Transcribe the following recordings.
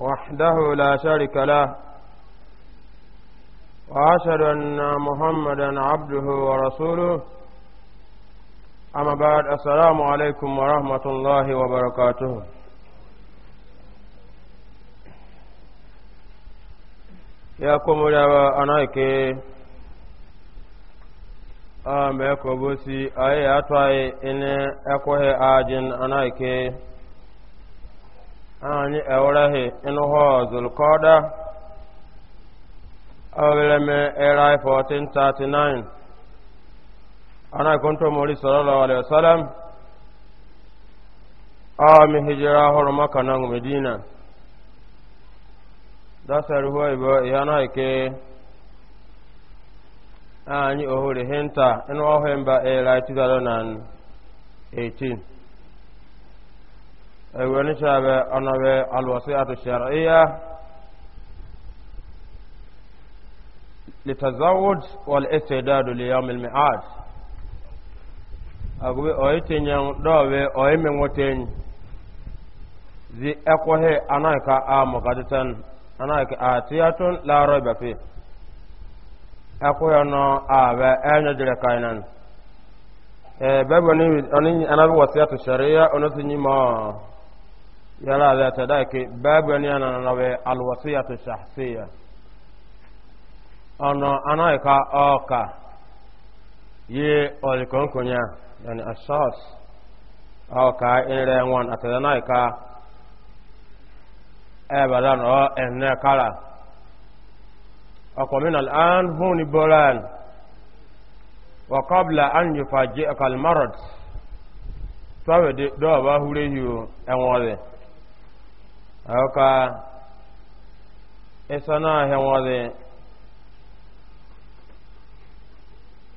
وحده لا شريك له وأشهد أن محمدا عبده ورسوله أما بعد السلام عليكم ورحمة الله وبركاته يا كم يا أنايك أم يكبوسي أي أتواي إن أكوه آجن أنايك anyị ewereghị ịnụhụ zulkọda aweleme era 1439 ana kuntu mori sallallahu alaihi wasallam a hijira horo maka na medina dasar huwa ibo yana ike anyị ohere hinta ịnụ ọhụ mba era 2018 wani shabe ana be alwasi'atu shar'iyya litazawuj wal istidadu li yawm al mi'ad agbe oyitinyan dowe oyimin woten zi ekwahe anaka a mukaditan anaka atiyatun la raiba fi ekwahe no abe enye dire kainan e bebo ni oni anabi yana da ta da ke babu wani yana na wai alwasiya ta shahsiya ana ana ka oka ye olikon kunya yani ashas oka in re won atana na ka e bala no enne kala akwa min al'an huni boran wa qabla an yufaji'aka al-marad sabe do ba hurehi enwore e ka ịsa na-ahịa nwadị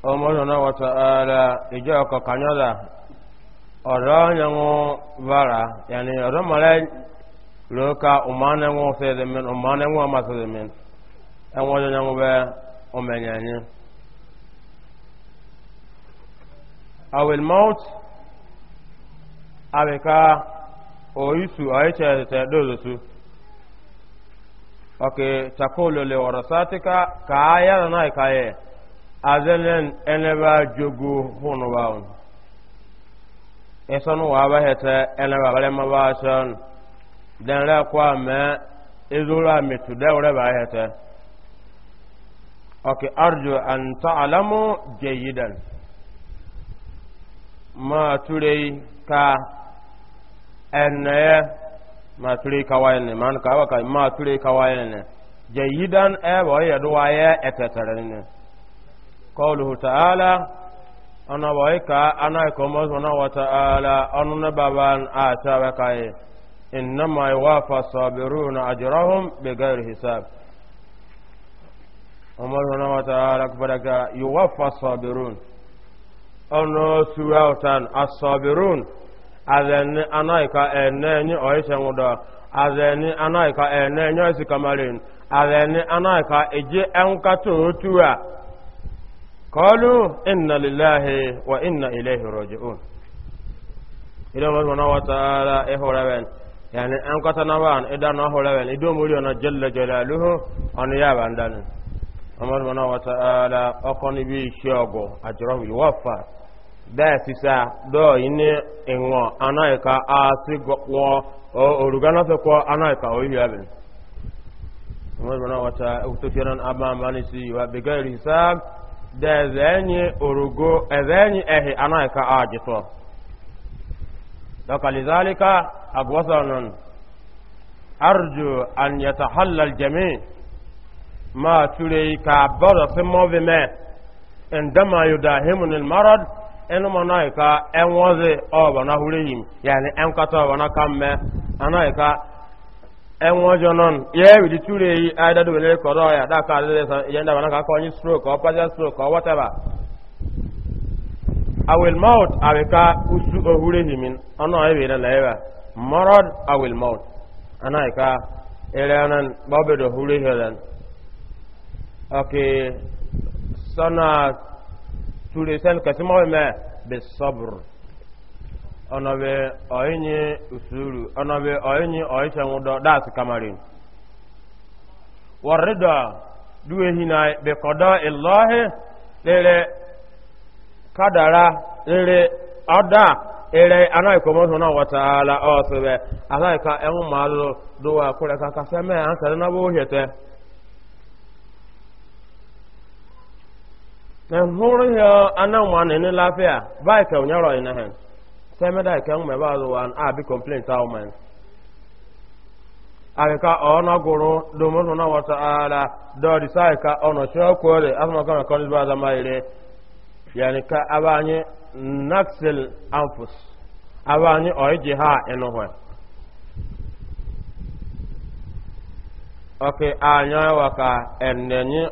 ọmọdụ na wata ara ije ọkọ kanyọda ọdọ anyanwụ bara yani ọdọ mara roka ụmụanụ enwe ọsịdị min ụmụanụ enwe ọmasịdị min enwe anyị abika oyisu aicha ta oke su ok warasatika ka ayana na ikaye azenen eneba jogo hono baun esonu wa ba hete eneba bale ma ba son den la kwa me izura mitu de ore ba hete ok arju an ta'lamu jayidan ma turei ka ɛnɛɛ maturi kawaii ne man kawa ka maturi kawaii ne jayidan ɛbɔ e yɛ do e ayɛ ɛtɛtɛrɛ ne kɔluhu ta'ala ana bɔ ka ana e kɔmɔ sɔnna wa ta'ala ɔnu ne baban a sɛbɛ ka ye innama yuwafa sabiruna ajrahum bighairi hisab ɔmɔ sɔnna wa ta'ala kubaraka yuwafa sabirun ɔnu suwa tan asabirun azeni anaika enenyi oise ngudo azeni anaika enenyi oisi kamarin azeni anaika eji enkatu otua kọlu inna lillahi wa inna ilaihi roji'un idan wasu na wata ihorewen yani an kwata na ba idan na horewen idan muri na jalla jalaluhu on ya bandanin amma wa ta'ala akoni bi shogo ajrahu yuwaffa bẹ́ẹ̀ sísá dọ́ọ̀ a sí wọ òrùgá náà fẹ́kọ́ wata ka a jìtọ̀ lọ́kàlìzálíkà àgbọ́sọ̀nàn arjò àyẹ̀tà ka bọ́dọ̀ sí mọ́vimẹ́ ẹ̀ndẹ́mà marad enu ma nọghị ka enwozi ọbana hurihim yani enkata ọbana kamme anọghị ka ihe non ya ewidi ture yi aidadu wele kọrọ ya daka adịrị sa ihe ndị ka aka onye stroke ọ partial stroke ọ whatever awil maut abika usu ohurihimin ọnụ ebe na ebe morod awil ana anọghị ka ere nan gbabedo hurihimin ok sana ture sen kasimawe me be sabr ona be oyinye usuru ona be oyinye oyisha ngudo das kamarin warida duwe hina be qada illahi lele kadara lele ada ere ana mo na wa taala o sebe ka e mu malu duwa kure ka kaseme an na bo hete na hụrụ ihe a, na ene lafiya bai ka unyaro ina da a bi na wata ala do disai ka ono ọhụrụ asma kana kon ba da maire yani ka abanye naxel anfus abanye oje ha eno ho anya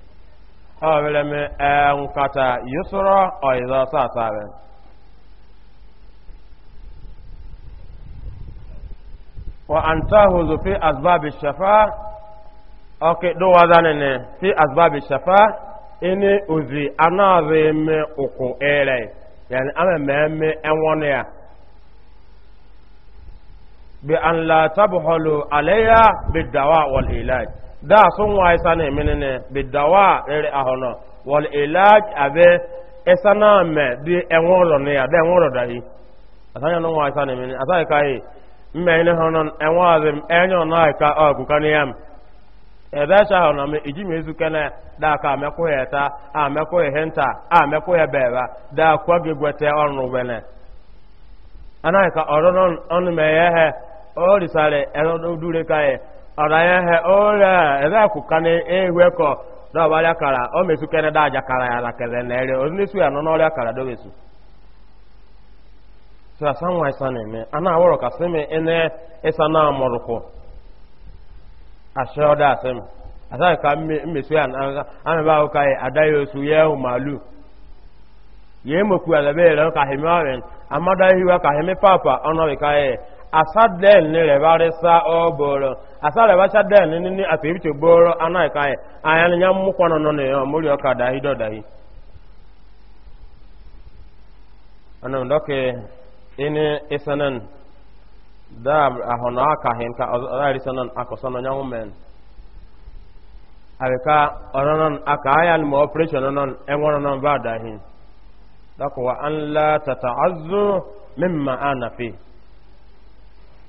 ọ̀rẹ́ mi ẹ̀hún kàtà yìí sọ̀rọ̀ ọ̀yẹ̀dọ̀ sáàtà rẹ̀. wa an tahuzu fi asbabi shafa oke do wadane ne fi asbabi shafa ini uzi anaze me ere yani ame meme enwone ya da sun wa isa ne mini ne bidawa rere ahono wal ilaj abe isa me di enworo ne ya da enworo asanya no wa isa ne mini asai kai mme ne honon enwo azim enyo na ka ogu kan yam ebe sha me iji me ezu kana da ka me ko a me ko henta a me ko da kwa anai ka onu me ye he o risale dure ọ̀ranyà hẹ ẹ̀rẹ́ ọ mẹ̀sù kẹ́ni dá àjà kàrà yàrá kẹ̀rẹ̀ nẹ̀rẹ̀ oníṣu yà nọ́nà ọ̀rẹ́ kàrà dọ́ mẹ̀sù. sọ na wọn ẹ̀sán nìmẹ aná àwọ̀rọ̀ kàsí mi ẹnẹ ẹ̀sán náà mọ̀rùkù àṣẹ ọ̀dà àṣẹ mi àṣẹ àyíká mẹ̀sù yà àmì bá ọkà yẹ àdáyé oṣù asadɛn ne rɛbare sa ɔbɔrɔ asa rɛba sadɛn ne ne asebitse bɔrɔ anayi ka yɛ ayan nya mu kɔnɔ nɔnɔ yɛ mori yɛ ka dahi dɔ dahi ana ndɔke ene esanan da ahɔnɔ akahin ka ɔyari sanan akɔsɔnɔ nyawu mɛn abika ɔnɔnɔn aka ayan ma operation nɔnɔn ɛŋɔnɔnɔn ba dahi dɔkɔ wa an la tata azu mimma ana fi.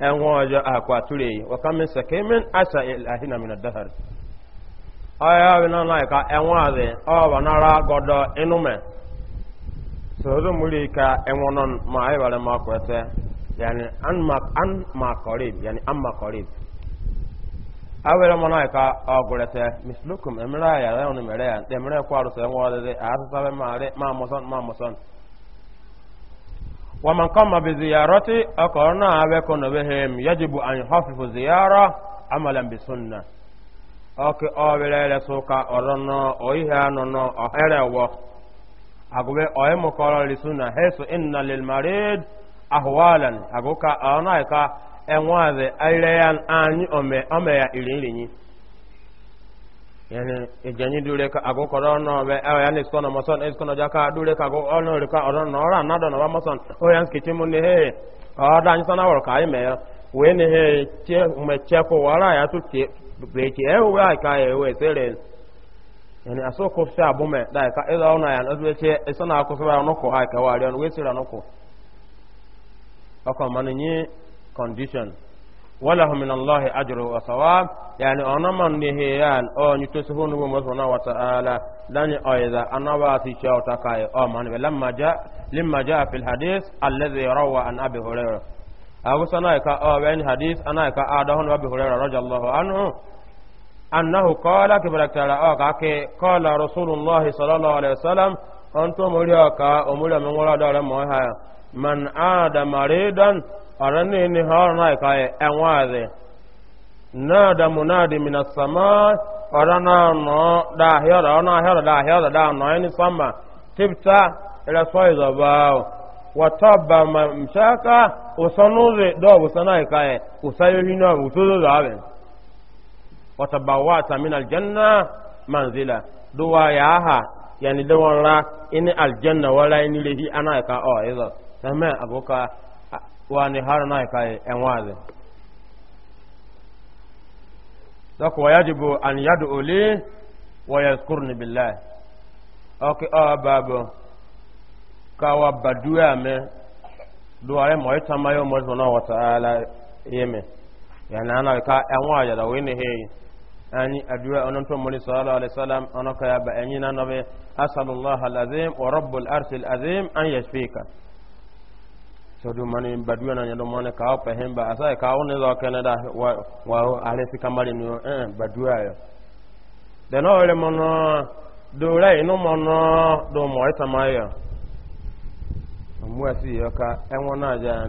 en wajo akwature wa kam min ka en waze o inume so do muri ka en wonon ma ay bare ma kwete yani an ma an ma qarib yani an ma qarib awere mo ọ ka ogurete mislukum emra ya ya ma re ma ومن قام بزيارته أقرنا أبكون بهم يجب أن يخفف زيارة عملا بسنة أوكي أولا لسوكا أرنا أيها ننا أهلا وقت أقول أي مقالة لسنة حيث إن للمريض أهوالا أقول أنا إكا أنواذي أيليان أني أمي أمي إليني yani ijanyi e, dure ka ago koro no be awa e, yani skono moson eskono jaka dure ka go ono re ka oro no ora na do no ba moson o yan skichi mun he o da ni sana wor kai me we ne he wara ya tu be che e wa ka e we sere yani aso ko fa bu me da ka e ona yan o che e, e sana ko fa ko ka wa we no ko ولهم من الله أجر وثواب يعني أنا من نهيان أو نتسفون بهم سبحانه وتعالى لن أيضا أنا واسي شاوتكاي أو من لما جاء لما جاء في الحديث الذي روى عن أبي هريرة أو سنايك أو بين حديث أنايك آدهن أبي هريرة رضي الله عنه أنه قال كبرك تعالى قال رسول الله صلى الله عليه وسلم أنتم مريكا أمولي من ولا دار من آدم مريدا ọ̀rọ̀ ní ní ọ̀rọ̀ náà ìka ẹ̀wọ̀n àdì náà dàmú náà dì mìíràn sàmá ọ̀rọ̀ náà nọ dáhìọ́rọ̀ ọ̀rọ̀ náà hẹ́rọ̀ dáhìọ́rọ̀ dáa nọ ẹni sọ́mà típtà ìrẹsọ́ ìzọ̀bà wọ́tọ́ bà mà mṣáká òsánúrè dọ́ọ̀bù sánà ìka aljanna manzila duwa yani dawon ra ini aljanna wala ini lehi ana e ka o izo e sama wani har na ka en wazi da kuwa yajibu an yadu ole wa yaskurni billahi ok o babu kawa baduwa me duware mo ita mayo mo zona wa ta'ala yeme yana na ka en wazi da wani he ani aduwa onon to muli sallallahu alaihi wasallam onon ka ya ba enyi na nabe asallallahu alazim wa rabbul arshil azim an yashfika sodu mani na yadda mone ka pa hemba asa ka one zo canada wa wa ale si kamali no eh badua yo de no ole mono do re no mono do mo isamaya mo asi yo ka enwo na ajan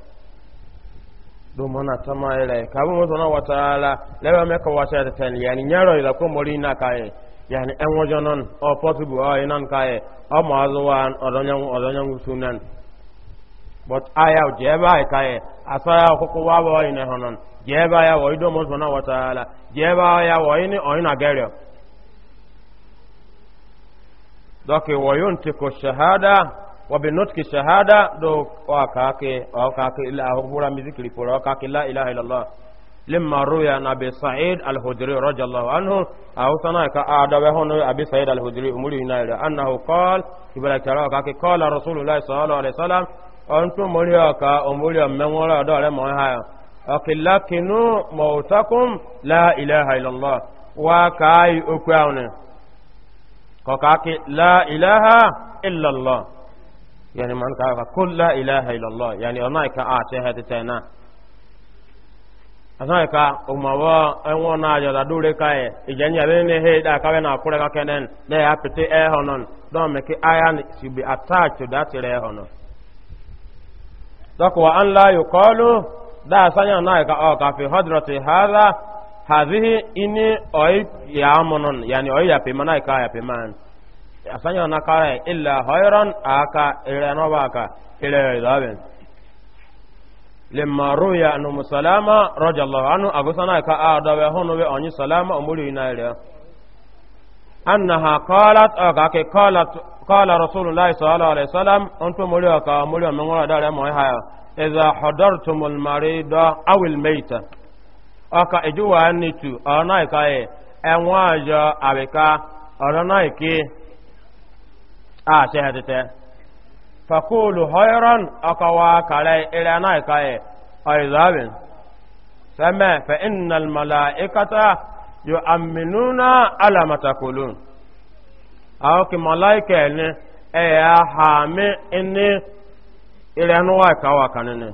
domona tama ele kabu mo tona wataala leba me ko wata de tan yani nyaro ila ko mori na kae yani en wojo non o possible o inan kae o ma azwan odonyan odonyan sunan but aya jeba e kae asaya ko ko wa wa ina honon jeba ya wo ido mo tona wataala jeba ya wo ini o ina geryo doke wo yonte ko shahada وبنطق الشهادة دو وكاكي وكاكي إلا أخبر مذكري فور وكاكي لا إله إلا الله لما روي عن أبي سعيد الهدري رضي الله عنه أو سنعك أعدوه هنا أبي سعيد الهدري أمره هنا أنه قال إبلا كراه كاكي قال رسول الله صلى الله عليه وسلم أنتم مريك أمري من وراء دار مهايا أكلكنوا موتكم لا إله إلا الله وكاي أكواني كاكي لا إله إلا الله yani man ka ka kul la ilaha illallah yani ona ka a te hadi tena ana ka umawa enwo e na ya da dure ka e ijanya be ne he da ka na kure ka kenen ne ya pete e honon don me ki aya ni should be attached to that re honon dok wa an la yuqalu da sanya na ka o oh, ka fi hadrati hadha hadhihi ini oy ya monon yani oy ya pe manai ka ya pe man asanya na kare illa hayran aka irano baka ila zaben lemma ruya anu musalama radiyallahu anu agusana ka adawe hono be onyi salama umuri inaire annaha qalat aka ke qalat qala rasulullahi sallallahu alaihi wasallam antu muri aka muri men ngora dare mo e haya idha hadartumul marida aw al mayta aka ejuwa nitu ona ka e enwa ajo abeka ona ke a ce hadita fakulu hoiron akawa kare ire na kaye oizabin same fa innal mala'ikata yu'minuna ala matakulun awo ki malaika ne e ya hami inni ire nuwa kawa kanene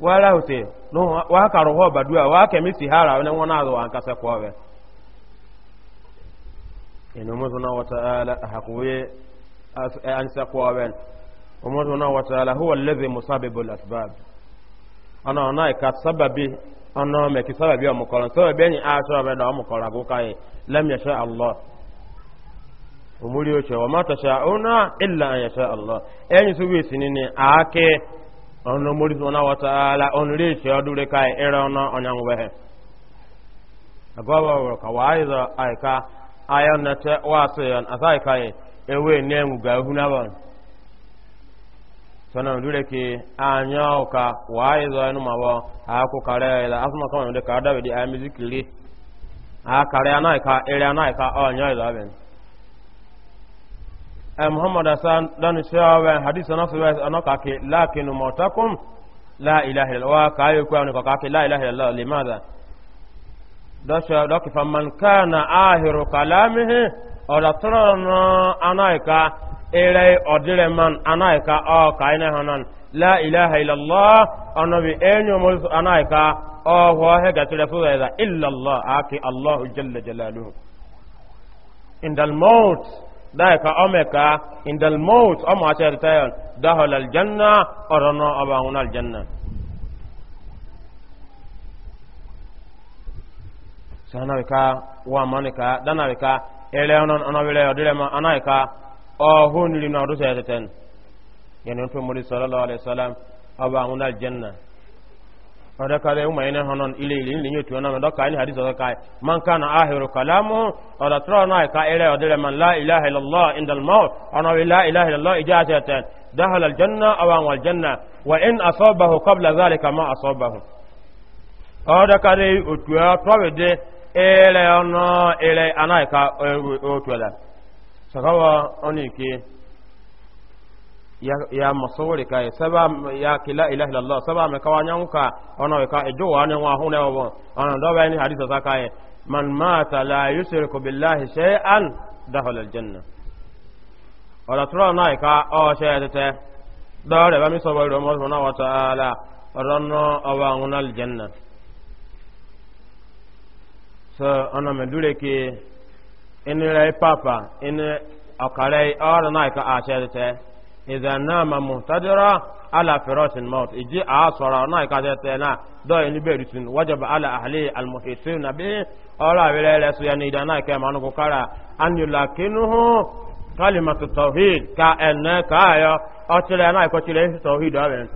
wala hote no wa ka roho badua wa ka mi sihara ne wona azo an kasa kwa we eno mo zona wa taala hakuye eh, an sa kwa we o mo zona wa taala huwa allazi musabbibu ana ana ka sababi ana me ki sababi o mo ko sababi ni a so be do mo ko ra go kai lam yasha allah umuri o che wa ma una illa an yasha allah enyi su wi sinini na-aghọta wa ọ̀nà mọ́rìsọ́nà wọ́tàlá ọ̀nàrẹ́ ìṣẹ́ ọdúnrẹ́ ká ẹ̀rọ ọ̀nà ọ̀nyànwẹ̀hẹ̀ agọ́bọ̀rọ̀ kàwà àìzọ àìká ayọ́nàtẹ́ wáṣẹ̀yàn àtàìká ewé ní ẹ̀ngùgà ehunabọ̀n sọ́nà ìdúrẹ́ kí àyà ọ̀ka wà àìzọ ẹnu màwọ́ àákókarẹ́ ẹ̀lá asọ́nà kọ́mọ̀ muhammad asan dan shawa hadith na so ana ka ke lakin mutakum la ilaha illallah ka ayo ko ana ka ke la ilaha illallah limadha da sha da ke faman kana ahiru kalamihi ola trono anaika ere odire man anaika o ka ina hanan la ilaha illallah ana bi enyo mo anaika o ho he ga tire fu da illallah aki allah jalla jalaluhu indal maut daika omeka indal maut o ma ta ta dahal al janna arana abawun al janna sana ka wa manika dana ka ele onon ono wile odile ma anaika o hun li no do ta ten yani fadakare uma ina hanon ile ile ile nyotu na ndaka ni hadithi za kai man kana ahiru kalamu ala tra na ka ile odele man la ilaha illallah inda al maut ana la ilaha illallah ijazatan dahala janna aw wal janna wa in asabahu qabla dhalika ma asabahu fadakare otua trawede ile ono ile anaika otwala sakawa onike ya masawari ka ya e saba ya kila ilaha illallah saba me kawa nyanka ona ka ejo wa ne wa hune wa ona do ba ni hadisa sa kai e, man mata la yushriku billahi shay'an dakhala aljanna ola tura na e ka o she tete do re ba mi so bo ro mo na wa taala ronno awa ngona aljanna so ona me dure ke ene rai papa ene akare ora na ka a she tete إذا نام مهتدرا على فراش الموت إجي أصرا نايكا ذاتنا دو ينبيرسن وجب على أهلي المحيطين به أولا بلالا سيان إذا نايكا مانوكو كارا أن يلاكنه كلمة التوحيد كأن كايا أتلا نايكا تلين التوحيد أبين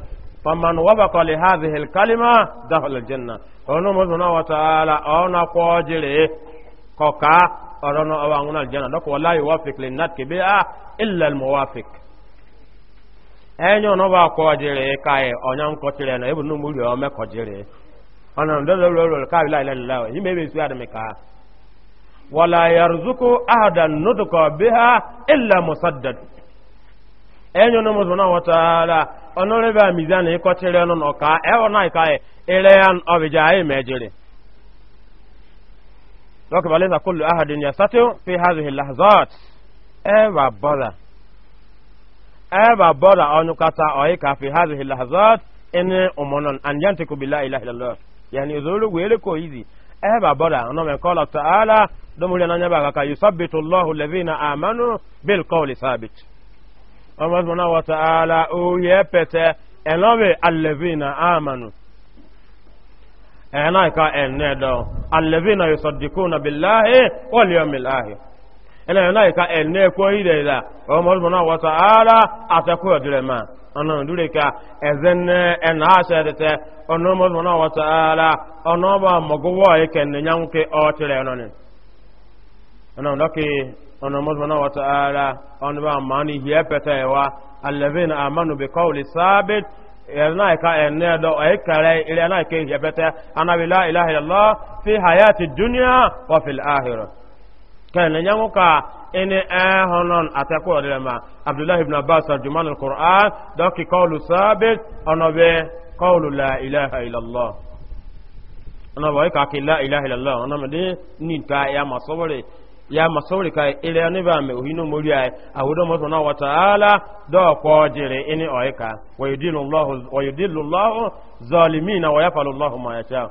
فمن وفق لهذه الكلمة دخل الجنة ونمو سبحانه وتعالى أونا قوجلي كوكا أرونا أوانا الجنة دوك ولا يوافق للنات كبيرة إلا الموافق enye ọnọba akwọjiri ka ya onye nkọchiri na ebu n'ụmụ uri ome kọjiri ọnụ ndọdọ ụlọ ụlọ ka bila ime ebe ka wala yarzuku ahada nuduka biha illa enye na wọtara ọnụ rebe na ọnụ na na ya ọbịja anyị bọla eba bora onu kata oyi ka fi hadhihi lahzat in umunan an yantiku billahi ilaha illallah yani uzulu wele ko izi eba bora ono me kola taala domuri na nyaba ka yusabbitu allahu alladhina amanu bil qawli thabit amma subhana wa taala o yepete elobe alladhina amanu ena ka enedo alladhina yusaddiquna billahi wal yawmil akhir ẹlẹ́yìnláyìká ẹ̀nẹ́ ẹ̀kọ́ ilẹ̀ ìlà ọmọ ọdún náà wọ́ta ara àtẹ́kọ́ ìdúrẹ̀má ọ̀nà ìdúrẹ̀ká ẹ̀zẹ̀nẹ́ ẹ̀nà àṣẹ́rẹ̀tẹ́ ọ̀nà ọmọdún ẹ̀rìnláìká ẹ̀nẹ́ ẹ̀dọ́ ẹ̀kẹ̀rẹ̀ ilẹ̀ ẹ̀nà ìkẹ́ ìyẹ̀pẹ̀tẹ́ anábìlá ìlàhìlọ́ fi hayati dúníà wọ́fìlì ahìrọ̀. kana nyango ka ene eh, ahonon atako adema abdullah ibn abbas arjuman alquran doki qawlu sabit onobe qawlu la ilaha illa allah ona boy ka ki la ilaha illa allah ona mede ni ta ya masawri ya masawri ka ile ne ba me ohino mori ai awodo mo sona wa taala do ko jere ene oika wa yudillu allah wa yudillu allah zalimin wa yafalu allah ma yasha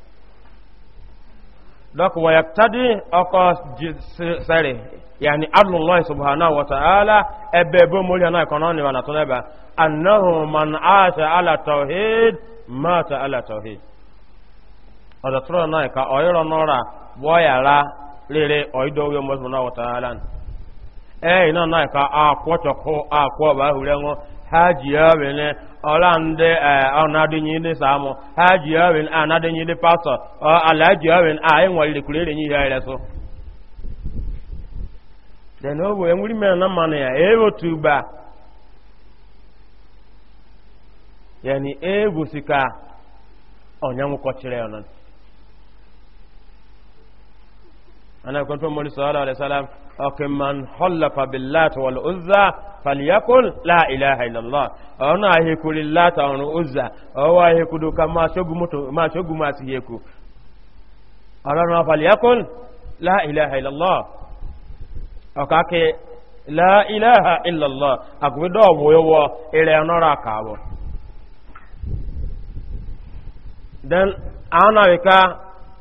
dɔk wayaktadi ɔkɔ sɛre yani adlullahi subhanahu wa ta'ala ɛbɛ ebe ebe ana ya ne wana tɔlɛ ọ na man aasha ala na ka rere ɔyidɔ wo na ha ji ọrịn ọla ndị e, ọnadịnye ndị samụ ha ji anadịnye ndị pastọ ala e ji a ịnwaliri e kwuru ere nye ihe ere so then o mere na mmanụ ya ebe otu ba ka kọchiri ya ọkè man họlọpàá bí láti wọlé ọzà fàlìyàkùn láìláha ìlàlá ọ̀nà àhekùrí láti ọ̀run ọzà ọwọ́ àhekùdó ka máa ṣógun máa sì yẹkù ọ̀rọ̀rùn fàlìyàkùn láìláha ìlàlá ọ̀kàkẹ́ láìláha ìlàlá àkùbídọ̀ wọ́wọ́ ilẹ̀ ọ̀nọ́rọ̀ àkàwọ̀ then àwọn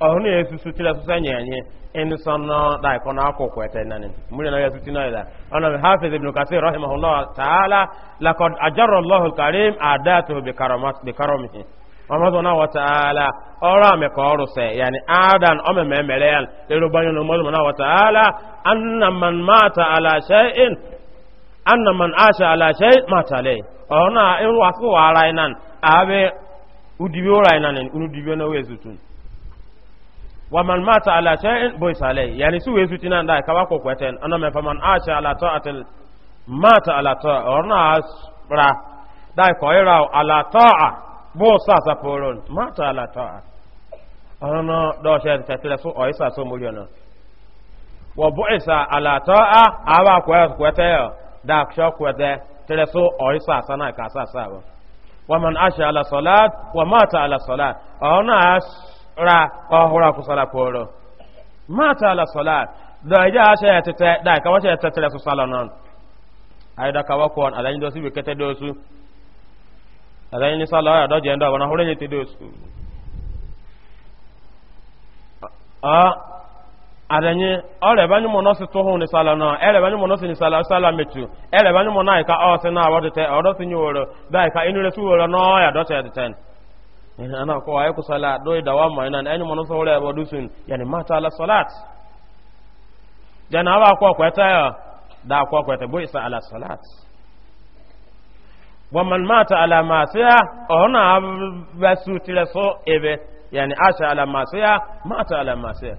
ọhụrụ ya esusu tila esusu enyi anyị ịnụ sọnọ na ya susu na ịda ọnụ bụ hafiz ibn kasir rahimahullah ta'ala lakọd ajarọ lọhụ karim adatu bikaromihi ọmọdụ na taala. ọrụ amịka ọrụ se yani adan ọmeme mere ya lero gbanye na ya na wataala anna man ala ala mata na ara udibi ومن مات على شيء بويس عليه يعني سوى يسوتنا دا كواكو كوتين انا من فمن عاش على طاعة مات على طاعة ورنا را دا كويرا على طاعة بوسا سفورون مات على طاعة انا دا شيء تتلا سو ايسا سو مليون وبويس على طاعة اوا كويس كوتين دا كشو كوتين تلا سو ايسا سنا كاسا ساو ومن عاش على صلاة ومات على صلاة انا ra ọhụrụ akwụsala kwụrụ mata ala solat da ije ashe ya tete da ka wace ya tetere su salonon ai da kawa kwon ala yin dosu bikete dosu ala yin sala ya doje ndo wana hore yete dosu a ala yin ore banyu mo nosi to hun salonon ere banyu mo nosi ni sala sala metu ere banyu mo na ka o se na awodete odo sinyu woro da ka inu resu woro no ya doche ya tete ana ko ay ku sala da wa ma nan ay mono sawra ba dusun yani mata ala salat jana ba ko ko ta da ko ko ta boisa ala salat wa mata ala masiya ona ba su tire so ebe yani asha ala masiya mata ala masiya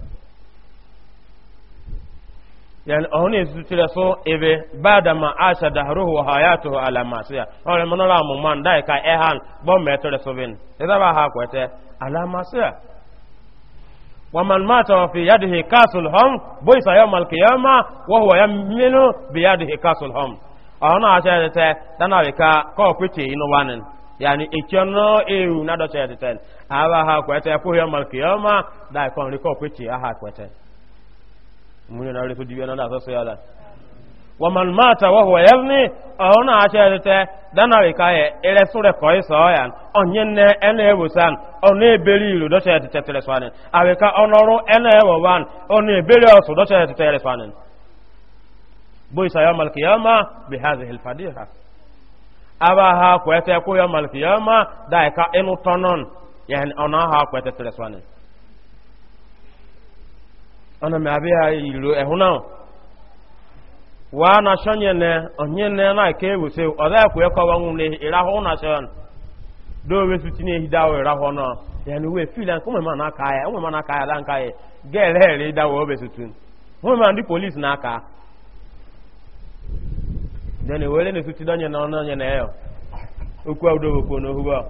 yani ɔhone sutire so ebe bada ma asha dahruhu wa hayatuhu ala masiya ɔre mo nora mo man dai ka ehan bo metere so bin ida ba ha kwete ala masiya wa man mata fi yadihi kasul hum boisa yawm al qiyama wa huwa yaminu bi yadihi kasul hum ɔhona asha tete dana be ka ko kwete inu wanin yani ichono ewu na do tete aba ha kwete ko yawm al qiyama dai kon ri ko kwete aha mun na rufu dibiya na so yala wa man mata wa huwa yazni ona acherete dana re kaye ere sure ko iso ya onye ne ene ebusan ona eberi ilu do chere tetere swanen aweka onoru ene ewo wan ona eberi osu do chere tetere swanen boisa ya al-qiyama bi hadhihi al-fadiha aba ha kwete ko yawm al-qiyama da ka enu tonon yani ona ha kwete tetere swanen ana m abia ilo ehuna wa na shonye ne onye ne na ke wuse oda ku eko wa nwule iraho na shon do we su tinye hida we iraho na ya ni we feel an ma na ka ya kuma ma na ka ya dan ka ya gele eh, hele da we obe su tun kuma ma ndi police na ka then we le ne su ti donye na onye na yo e okwa udo ko no huwa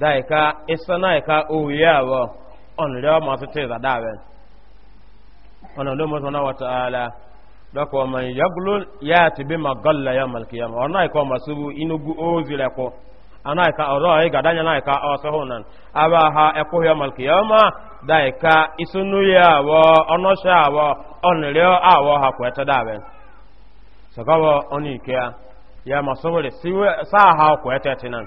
daika isanaika owiyawo onre ọmọ títí ìzàdáwẹ̀ ọ̀nà ló mọ́sán náà wata ala dọ́kọ̀ ọmọ ìyàgùlò ya ti bí magọ́lá ya malkiyama ọ̀nà ọma masubu inugu ozi rẹ̀kọ́ ana ika ọ̀rọ̀ iga danya na ika ọsọhụ nan aba ha ekwughị malkiyama daika isunu ya awọ ọnọsha awọ ọnụrịọ awọ ha kweta dawe sọgọwọ ọnụ ike ya ya masubu siwe saa ha kweta tinan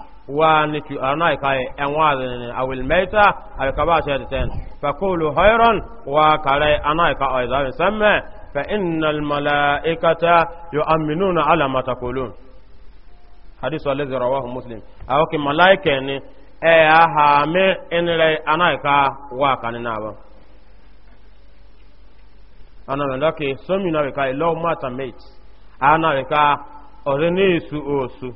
wani tu ana kai e en wazin awil maita al ten tan fakulu khairan wa kare ana ka ai zamin samme fa innal malaikata yu'minuna ala ma taqulun hadith alladhi rawahu muslim aw ki malaika ni e aha me enre ana ka wa kanina ba ana ndo ke somi na ka e lo mata mate ana ka orene su osu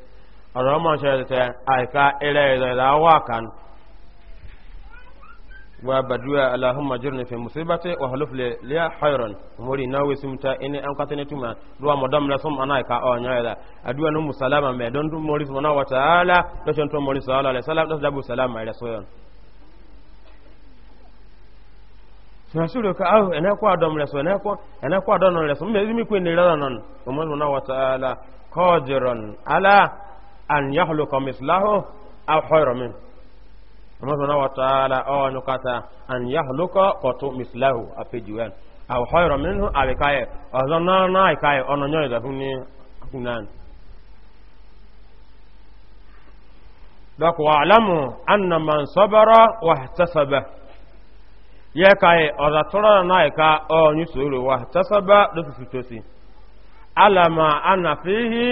ọ̀rọ̀ mọ̀ ṣe tẹ àìka ilẹ̀ ìlẹ̀ ìlàwọ̀ kan wa baduwa allahumma jirni fi musibati wa haluf li liya khairan muri na we sumta ini an ka tene tuma duwa modam la sum anai ka on yaela aduwa no musalama me don dum mori subhana wa taala do chon to mori sallallahu alaihi wasallam do dabu salama ila soyon nasuru ka ahu ene kwa dom la so kwa ene kwa don la me zimi ku ni la non mo subhana wa taala qadiran ala an yahluka mislahu aw khayra min amma subhanahu wa ta'ala aw nukata an yahluka qatu mislahu apejuan aw khayra minhu aw kaye na kaye ono da hunni hunan dok wa alamu anna man sabara wa ihtasaba ya na ka suru wa ihtasaba do alama ana fihi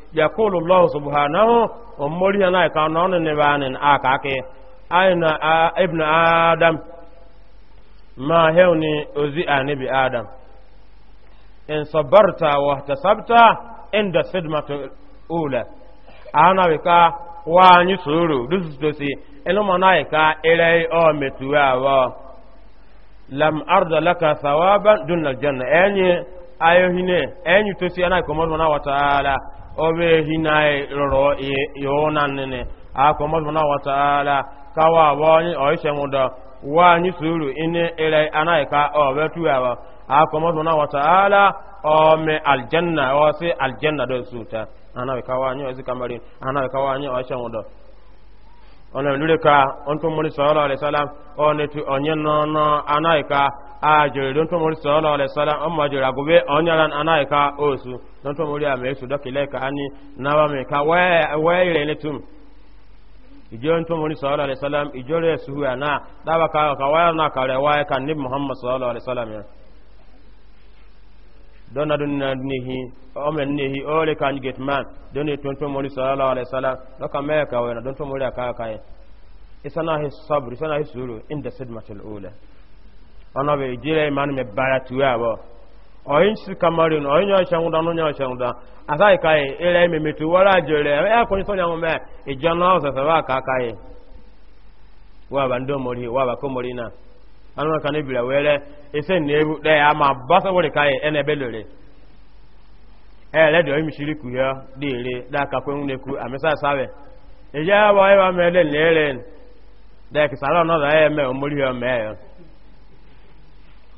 يقول الله سبحانه ومولي أنا كانون نبان أكاكي أين ابن آدم ما هوني أزي نبي آدم إن صبرت واحتسبت عند الصدمة الأولى أنا بكا واني سورو دسوسي إنه منايكا إلي أو متوا لم أرض لك ثوابا دون الجنة أني أيهني أني تسي أنا كمان وتعالى obe hinai e roro e na nene akọ mọ́sùmọ́ náà wọ́tàálà káwà wọ́n ọ̀íṣẹ́ ńwọ́dọ̀ wà ní sùúrù iní ilẹ̀ anáìka ọ̀bẹ túyàwó akọ mọ́sùmọ́ náà wọ́tàálà ọmọ aljanna ọsí aljanna dọ̀ sùúta anáìka wà ní ọsí kamarin anáìka wà ní ọ̀íṣẹ́ ńwọ́dọ̀ ọ̀nà ìlú rẹ̀ ká ọ̀ntún mọ́ni sọ̀rọ̀ nọ a jere don tomori ọla sara ọma amma jere gobe onyaran ka osu don tomori mesu dokile ka ani nawa me ka waye waye ne tum ọla ka ka waye na ka re waye kan ni muhammad sallallahu sara ya dona na nihi o men nihi o le kan get man don e ton tomori sallallahu alaihi wasallam doka ka don ka ka isana his sabr suru inda sidmatul ula ọ̀nà bẹ̀ ìjírẹ̀ ìmánu mẹ́ bára tuwé àbọ̀ ọ̀yìn sí cameroon ọ̀yìn yọ ṣẹ̀wọ̀n dán lóyún ọ̀ṣẹ̀wọ̀n dán e ilẹ̀ mẹ̀mẹ̀tù wọ́rọ̀ àjò rẹ̀ ẹ̀ so ní sọ́jà wọn mẹ́ ìjọ náà ọ̀sẹ̀sẹ̀ wà kàkà yìí wà bá ń dó mọ́rí wà bá kó mọ́rí náà anú kan níbi rẹ̀ wẹ́rẹ́ ẹsẹ̀ ní ewu a máa bá sọ́wọ́rì káyẹ̀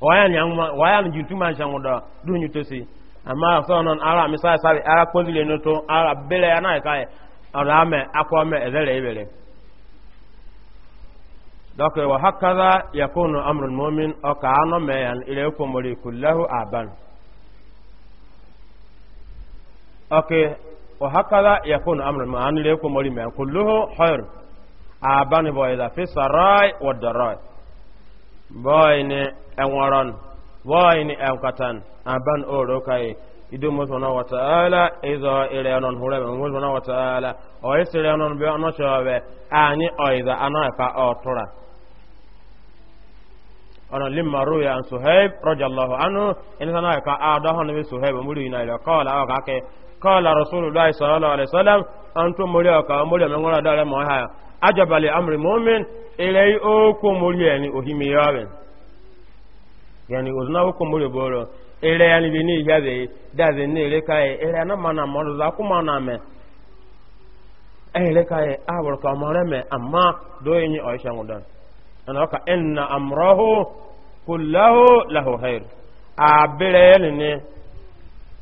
wayan yang wayan jutu man shango da dunyu tosi amma so non ara mi sai sai ara ko na to ara bele ya kai ara me akwa ame ezele ibele dɔk wa hakaza yakunu amru lmumin o kaano meyan ila komori kullahu aban ok wa hakaza yakunu amru an ila komori meyan kulluhu aban fi sarai wa darai boy ni enworon boy ni enkatan aban oro kai idu na wa ta'ala izo ire non hure be musona wa ta'ala o isire non be ono shobe ani oiza ana fa otura ono limma ruya an suhaib radiyallahu anhu in sana ka adahu ni suhaib muri ina ila qala wa ka ke qala rasulullah sallallahu alaihi wasallam antum muri ka muri me ngora dare mo ha ajabali amri mu'min ilai o ko mori yani ohimi yawen yani ozna o ko mori boro ere yani bi ni yabe da ze ni ere kai ere na mana mo za ku mana me ere eh, kai awor ka mo me amma do enyi o shan udan ana ka inna amrahu kullahu lahu khair abire yani ne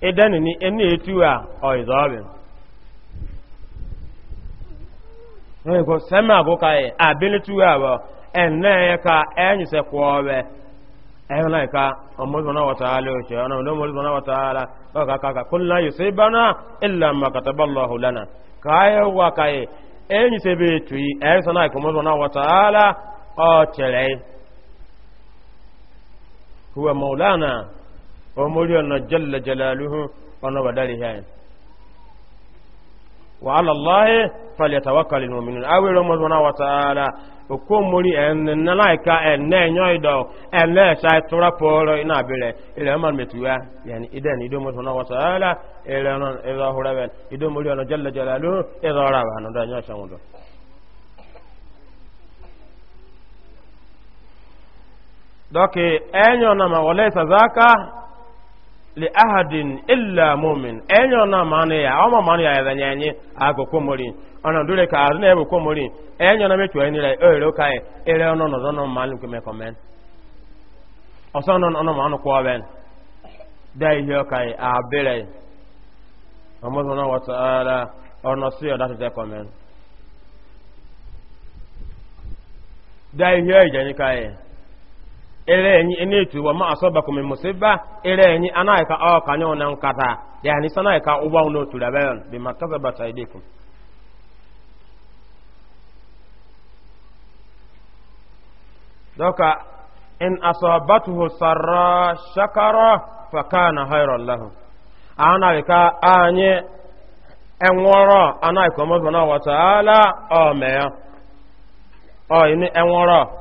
idan ni eni etuwa o izabin n'oge sèmè abụka yi e, abilitu abụọ ene ka ka ọmọdé náà wọta ala oche ọnà ọdún ọmọdé náà wọta ala ọkà kàkà kúnlá yosè bánà ilà màkàtà bọlọ ka káyé wà káyé enyise bẹ etu yi ka ọmọdé náà wọta ala ọchẹrẹ yi. huwa maulana ọmọdé ọ̀nà na jẹlẹ aluhu ọ̀nà wa ala allahi falyatawakkal almu'minun awi romo subhanahu wa ta'ala ko mori en nalaika en ne nyoido en le sai tura poro ina bere ile man metuwa yani idan ido mo subhanahu wa ta'ala ile non ila huraben ido mori ono jalla jalalu ila rawa no da nyosha ngudo doke enyo na ma wala sadaka li ahadin illa mumin enyo na mani ya ma mani ya ẹ̀rẹ̀ yẹnyi agokwo mori ọ̀nà dúró ka àrùn ẹ̀rọ kwo mori enyo na mẹ́tù ẹni e ẹ̀rọ ka ẹ̀ ẹ̀rẹ̀ ọ̀nà ọ̀nà mani kò mẹ́kọ̀ mẹ́n ọ̀sán ọ̀nà ọ̀nà mani kọ́ ọ̀bẹ́n dá ihe ọ̀ka ẹ̀ àbẹ̀rẹ̀ ọmọdún náà wọ́tọ̀ erenyi enetu wa ma asabakum min musiba erenyi anaika o kanyo na nkata yani sanaika uba uno tulabayon bi makazaba taidikum doka in asabatuhu sarra shakara fakana khairan lahu anaika anye enworo anaika mo subhanahu wa ta'ala o meya o ini enworo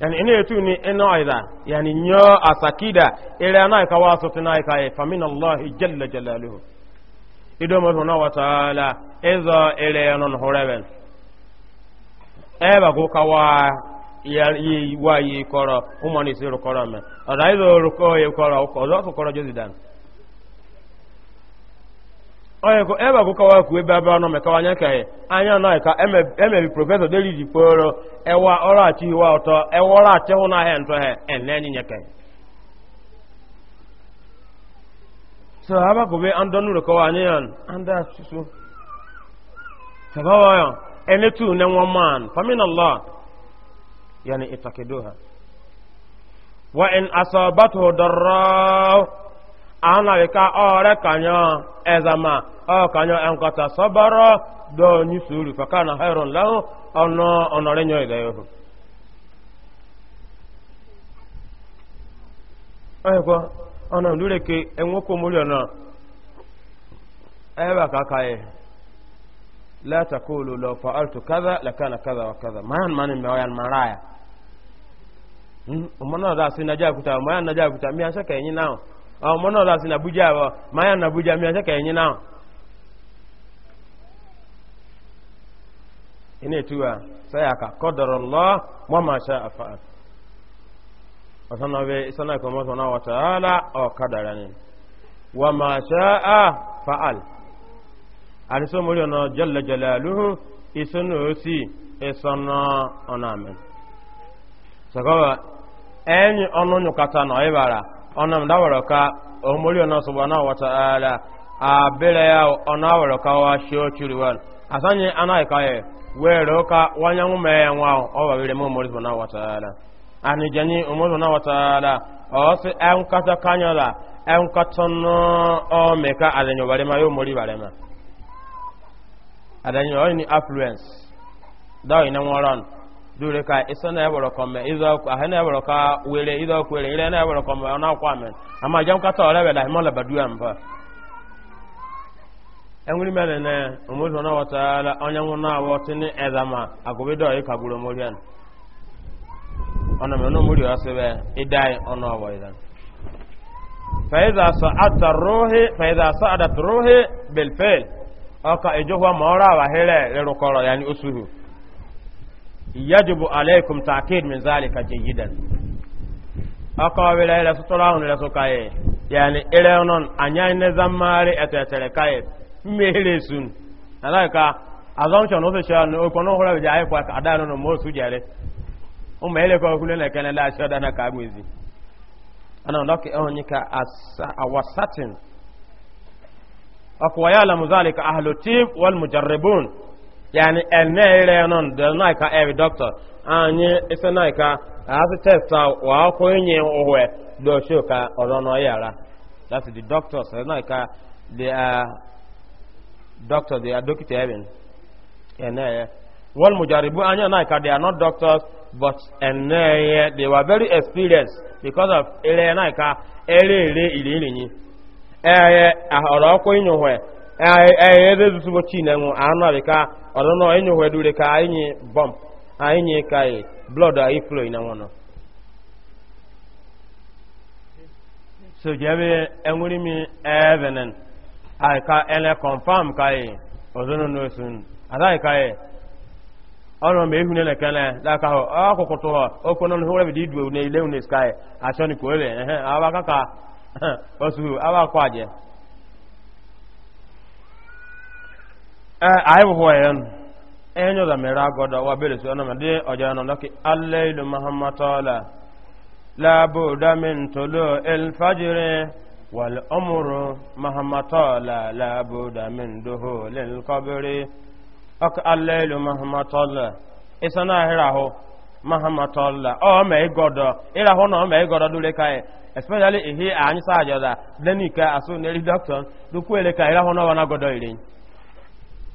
yani ina yetu ni ina aida yani nyo asakida ile ana ka waso tina ka e. fa min allah jalla jalaluhu ido mo na wa taala ezo ile non horeben eba go ka ya yi wa yi koro umo ni siru koro me ara ido ru ko koro ko zo koro onye ko ebe akụkọ wa ebe ebe anọ mekawa anya ka anya anaghị ka emebi prọfesọ deliji poro ewa ọrụ achịhiwa ụtọ ewa ọrụ achịhụ na ahịa ntọ ha ene enyi nye ka so aba gobe an donu da kowa ne yan an da su so sabawa yan ene tu ne wọn man famin allah yani ha. wa in asabatu darra anaghị ka ọrịa kanyọ ezama ọ kanyọ nkọta sọbọrọ dọọ nyisuru faka na heron lahụ ọnụ ọnọrị nyọ ịda ihu ọhịkwa ọnụ lure ke enwokwu omori ọnụ ebe aka aka ya la takulu law fa'altu kaza lakana kaza wa kaza man man me wayan maraya hmm umana da sai najakuta mayan najakuta mi an saka yin nawo ọ oh, mọ oh. ah. náà lásìkò nàbújá ọ máyà nàbújá mi ọjọ́ kẹyìn náà ina etuwa sai aka lọ mọ ma ṣe afa'a ọsánà bẹ ala ọ kadara ma ṣe a fa'al ọ̀nà jẹlẹjẹlẹ alúhù isánà òsì isánà ọ̀nà àmì sọkọwa ẹni ọ̀nà ọnam dawara ka omori ona subhanahu wa ta'ala a bere ya ona wara wa shi o chiriwan asanye ana ka ye were ka wanya ngume ya nwa o wa bere mu omori subhanahu wa ta'ala ani jani omori subhanahu wa ta'ala o se en kata kanyala en katono o me ka alenyo bare ma yo omori bare ma alenyo ni affluence dawo ina ngoran dure ka isa na yabara kome izo ku ahana yabara ka were izo ku ire na yabara kome ona kwa men ama jam ka tore be da mola mba enwuri mele ne na wata ala onye nwu na awo tini ezama agobe do morian ona me no muri idai ona idan yajibu alaikum ta'kid min zalika jayidan aka wela ila sutura hun ila sukaye yani ila non anya ne zamare etetere kaye mere sun alaka assumption of shall no kono hora bi ayi kwa adano no mo su jere o mele ko kule na kana la shoda na ka gwezi ana ndoke onyika as awasatin akwa ya'lamu zalika ahlu tib wal mujarribun yani ene ire non de naika every doctor anyi ise naika as test wa ko nyi owe do shoka orono yara that's the doctors naika they are uh, doctors they are doctor uh, even ene wal mujaribu anya naika they are not doctors but ene they were very experienced because of ire naika ere ire ire ni eh ahoro ko nyi ah, owe eyerezusu bo chi nenwu anọrị ka ọdụnọ enyi wedure ka anyị bọmp anyị ka blọd anyị flo ina nwụnụ so jebe enwere mi evenen ai ka ele confirm ka yi ozono n'osun adai ka yi ọnụ mgbe ihu nene kene daka hụ ọkụkụtụ hụ okwu nọ hụ ebe dị idu na ile unes ka yi achọ ni kwere ehe abaka ka osu abakwa je Eh, ayibuhuwayen enyo eh, da mera goda wa bere su anama de ojano laki allailu muhammatola labu damin tulu ilfajiri wal umuru muhammatola labu min duhu lil kabiri ok allailu muhammatola isana hirahu muhammatola o me godo irahu e, e na o me godo dule kai especially ihi anyi sajoda denika asu neri doctor dukwele kai irahu na wana godo irin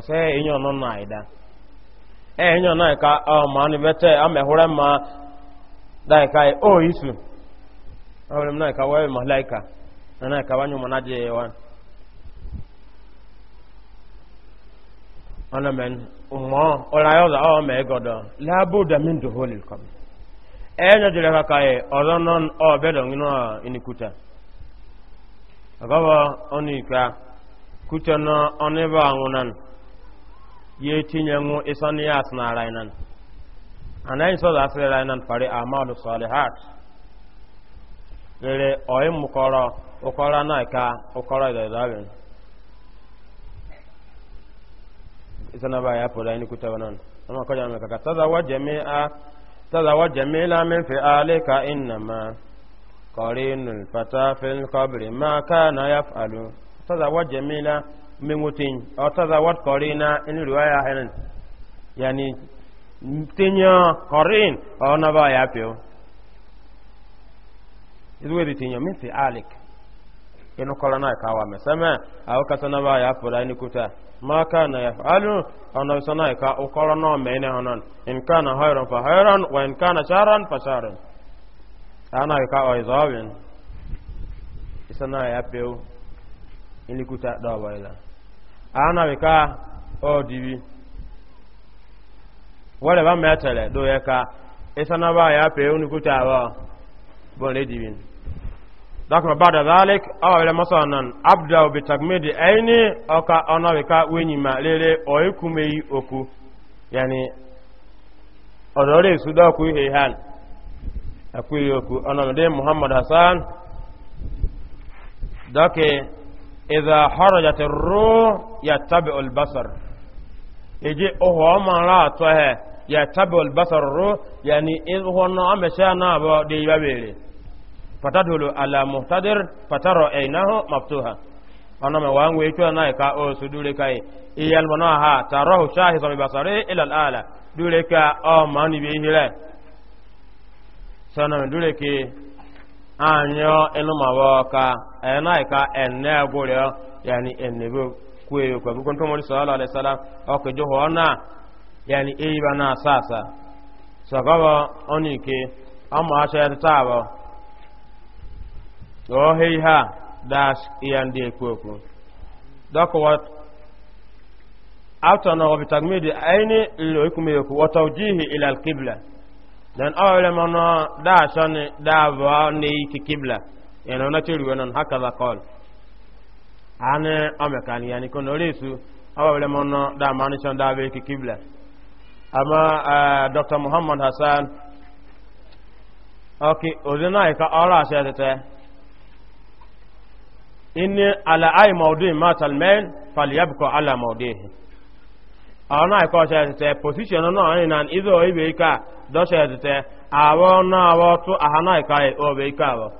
e ịnya ọnọ nọ àyídá ẹ enyi ọnọ àyíká ọmọ anibẹtẹ amẹhúrẹ mma ma yìí ó isu ọmọ náà ìka wọ́ọ̀yẹ mọ̀láìka náà ìka wọ́ọ̀yẹ mọ̀ná jẹ ẹ̀ wọn. ọ̀nà ya ọmọ ọ ayọ̀ ọ̀dà ọ̀ mẹ́ gọ̀dọ̀ láàbù dàmí ya tinye nwu isan ya suna rainan anayin so za su yi rainan fari amalu salihat rere oyin mukoro ukoro na ka ukoro da zabin isana ba ya fura ni kuta wannan amma ko jami'a ka tazawa jami'a tazawa alika innama qarinul fata fil qabri ma kana yaf'alu tazawa jami'a mengotin otaza wat korina in riwaya hanan yani tinyo korin ona oh, ya ya pio izwe di tinya min fi alik ino kolana ka wa mesama aw katana ba ya pura ni kuta na kana alu ona oh, sana ka o oh, korona me ne hanan in kana hayran fa hayran wa in na charon fa charon ana ka o izawin isana ya pio ilikuta dɔbɔ ila ana bi ka o dibi wale ba mɛ tɛlɛ do yɛ ka isana ya pe unikuta ba bụ le dibi dakuma ba da zalik awa wele masa nan abda bi takmidi aini oka ona bi ka wenyi ma lele oyi kume yi oku yani ọdọọrẹ ìsúdọ kú ihe han akwiri oku ọnọdé muhammad hassan dọkì إذا خرجت الروح يتبع البصر يجي أهو أمرا توه يتبع البصر الروح يعني إذ هو نعم شانا دي بابيلي فتدل على مهتدر فترى عينه مفتوحة أنا ما وانو يتوى نايكا أو سدوليكا إيا المناها تراه شاهد ببصره إلى الآلة دوليكا أو ماني بإهلا سنة دوليكي anyo enumawo ka enai ka enne gurio yani ennebo kweyo kwa bukon to mori sallallahu alaihi wasallam o ke jo yani eiba na sasa so gaba onike amma asha ya tawo o hei ha dash yande koko dako wat after no bitagmidi aini lo ikume ko watawjihi ila alqibla dan awale mono da sani da ba ne ki kibla yana na tiri wannan haka za kawal ane amekani yani kono resu awale mono da mani san da be ki kibla amma eh, dr muhammad hassan ok na ka ora ase tete inni ala ay mawdi matal mail falyabqa ala mawdihi na àìkọ́ṣẹ́ ẹ̀tẹ̀ pòsíṣọ̀nù nọ ní na ìzọ ìwé ìka dọ́ṣẹ́ ẹ̀tẹ̀ àwọ̀ náà wọ́ tó àhánà ìka ìwé ìka wọ́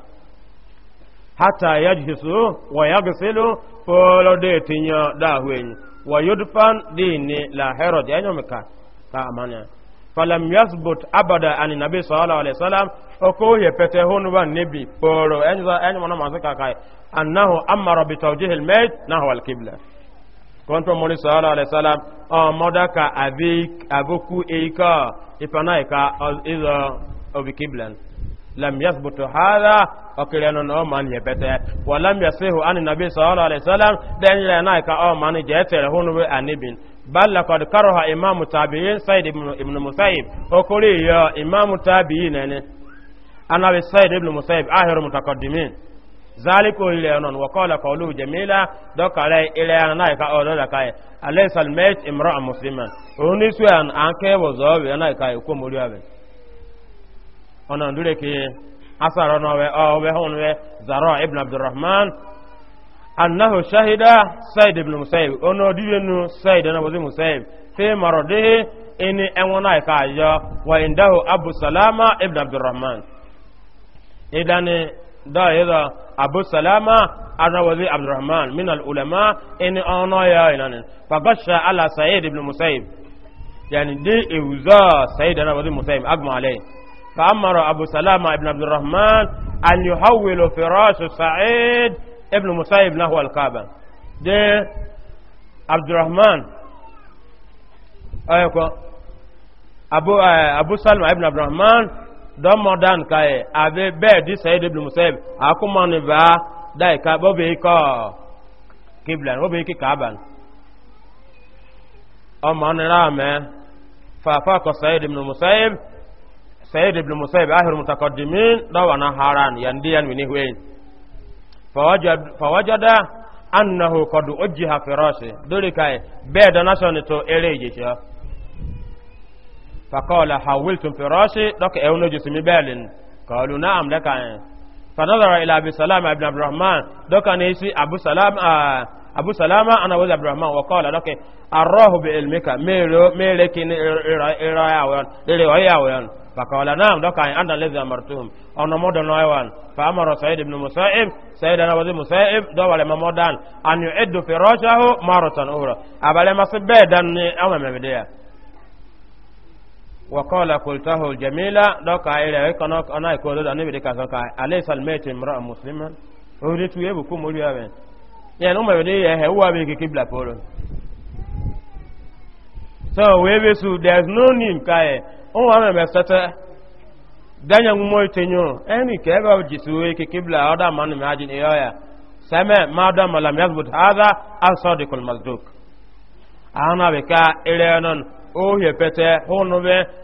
hátà yẹ́jìsù wọ̀yágìsílù fọ́lọ́dé ìtìyàn dáhù ẹ̀yìn wọ̀yọ́dúfán dìní làhẹ́rọ̀dì ka ká àmàlẹ́ falam yasbut abada ani nabi sallallahu alaihi wasallam oko ye pete honu wa nabi poro enza enwa na masaka kai annahu amara bi tawjihil mayt nahwa al qibla kɔntɔ mɔni sɔɔlɔ alayisala ɔ mɔdɔ ka a bɛ a bɛ ku eyi ka ifana yi ka ɔ ɔbi kibilan lam yasbutu hada ɔkiri ɛnu na ɔman yɛ bɛtɛ wa lam yasihu ani nabi sɔɔlɔ alayisala dɛn yɛrɛ n'a yi ka ɔman jɛ tɛrɛ hunu bɛ ani bin bal laqad karaha imam tabi'in said ibn ibn musayyib okori yo imam tabi'in ne zaliko ile non wa qala qawlu jamila do kale ile an na ka odo da kai alaysa al mayt imra'a musliman oni su an an ke na kai ko we o we we zara ibn abdurrahman annahu shahida said ibn musayib ono diwenu said na bozi musayib fi maradihi ini enwona ka yo abu salama ibn abdurrahman idani da yada أبو سلامة الروزي عبد الرحمن من العلماء إن أنا يا إنان فبشر على سعيد بن مسيب يعني دي إوزا سعيد أنا وزي مسيب أجمع عليه فأمر أبو سلامة ابن عبد الرحمن أن يحول فراش سعيد ابن مسيب نحو الكعبة دي عبد الرحمن أيكو أبو أبو سلمة ابن عبد الرحمن don modern kai e, abe bed di sayyid ibn musaib akuma ni ba dai ka bo be ko kibla bo be ki kaban o man rame fa fa ko sayyid ibn musaib sayyid ibn musaib ahir mutaqaddimin dawana haran yandiyan mini hwe fawajad fawajada annahu qad ujjiha firashi dole kai e, bed nation to ereje cho فقال حولتم فراشي دوك اونو جسمي بالن قالوا نعم لك فنظر الى ابي سلامه ابن عبد الرحمن دوك نيسي ابو سلام ابو سلامه انا وز عبد الرحمن وقال دوك اراه بعلمك ميرو ميرك رايا وان رايا وان فقال نعم دوك انت الذي امرتهم انا مودن وان فامر سعيد بن مسائب سعيد انا وز مسائب دو ولا مودان ان يعد فراشه مره اخرى ابل ما سبدان امام مديه وقال قلته الجميلة دوكا إلى كنوك أنا يقول أنا بدي كذا أليس الميت امرأة مسلمة أريد تيجي بكم مولي أبين يعني أمي بدي هو أبي كيبلا بولون so we be so there's no need kai o wa me sata danya ngumo itenyo any ke we kibla oda man me ajin sama ma da malam yazbut mazduk ana be ka ire non o ye pete be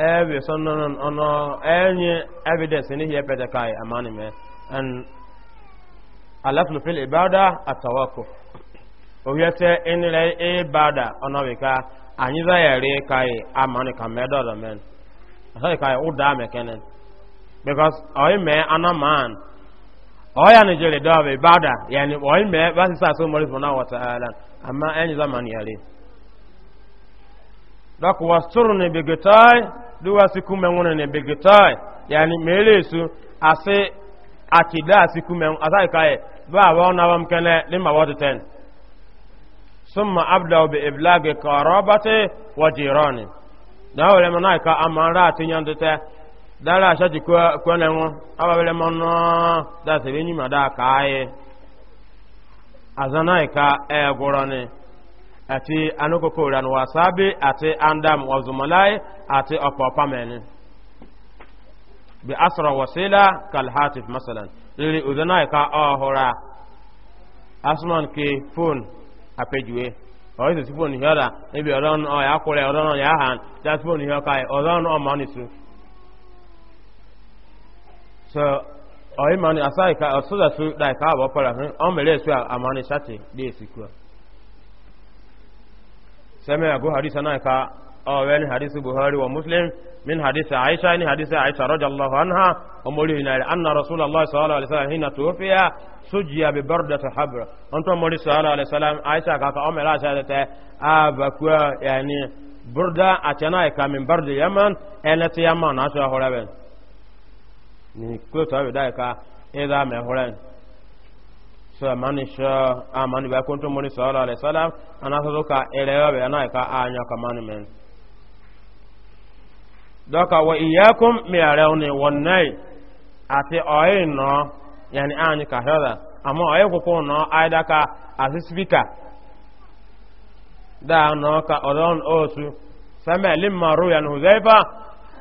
every son on on any evidence in here better kai amani me eh? and alaflu fil ibada atawakuf oye oh, se enire ibada ka anyi za yare kai amani ka me dollar men sai kai uda me kenen because oy me ana man oya ni jere do ibada yani oy me ba sa so mo na wa ta'ala amma anyi zaman yare dak wasturni bi gitai duwa si kume ŋuna ne ya yani meele su asi akida si kume asai ikaye ba wɔn na wɔn ma lima wɔti tɛn summa abdaw bi iblagi kɔrɔbati wa jirɔni daa ma na ka amara ati nyanti tɛ dala asaji kɔnɛ ŋu aba wale mana daa sebi nyima daa kaaye azana ka ɛɛ gurɔni. àti anúkòkò ìrànwọ́ wasabi àti andam ọ̀zùmọ̀láì àti ọ̀pọ̀ pàmẹ́ni bí asọ̀rọ̀ wọ̀sílá kalhatif masalan lórí òdánà ìka ọ̀húra asman ke fóònù àpèjúwe ọ̀rọ̀ ìsèsí fóònù ìhọ́dà níbi ọ̀dọ́nù ọ̀yà kúrẹ́ ọ̀dọ́nù ọ̀yà hàn jáde fóònù ìhọ́ka ọ̀dọ́nù e, ọ̀mọ́ nìṣú. so ọ̀yìn mọ́ni asáìka ọ̀sọ́dà tó dáìka àbọ̀ pọ̀lá ọ̀mẹ̀lẹ́sù àmọ́ni sátì dé èsì kúrò. sẹ́mẹ̀ àgó hadisa náà ka ọ̀wẹ́ ní hadisi buhari wa muslim min hadisi aisha ní hadisi aisha rọ́jà allahu anha ọmọlú yìí náà anna rasul allah sallallahu alaihi wasallam hina tó fi ya sojiya bi barda ta habra wọn tó mọlú sallallahu alaihi wasallam aisha kaka ọmọ ẹlá aisha tẹ abakuwa yani burda àti náà ika min barda yaman ẹni ti yaman náà sọ ọhúrẹ́ bẹ́ẹ̀ ni kúlótọ́ bi dá ika ẹ̀dá mẹ́húrẹ́ ni famani sha amani ba kuntu muni sallallahu alaihi wasallam ana so ka elewa be ana ka anya kamani men doka wa iyyakum mi arawni wonnai ati oyino yani anyi ka hada amma oyi ko ko no aida ka as speaker da no ka odon osu sama limma ruyan huzaifa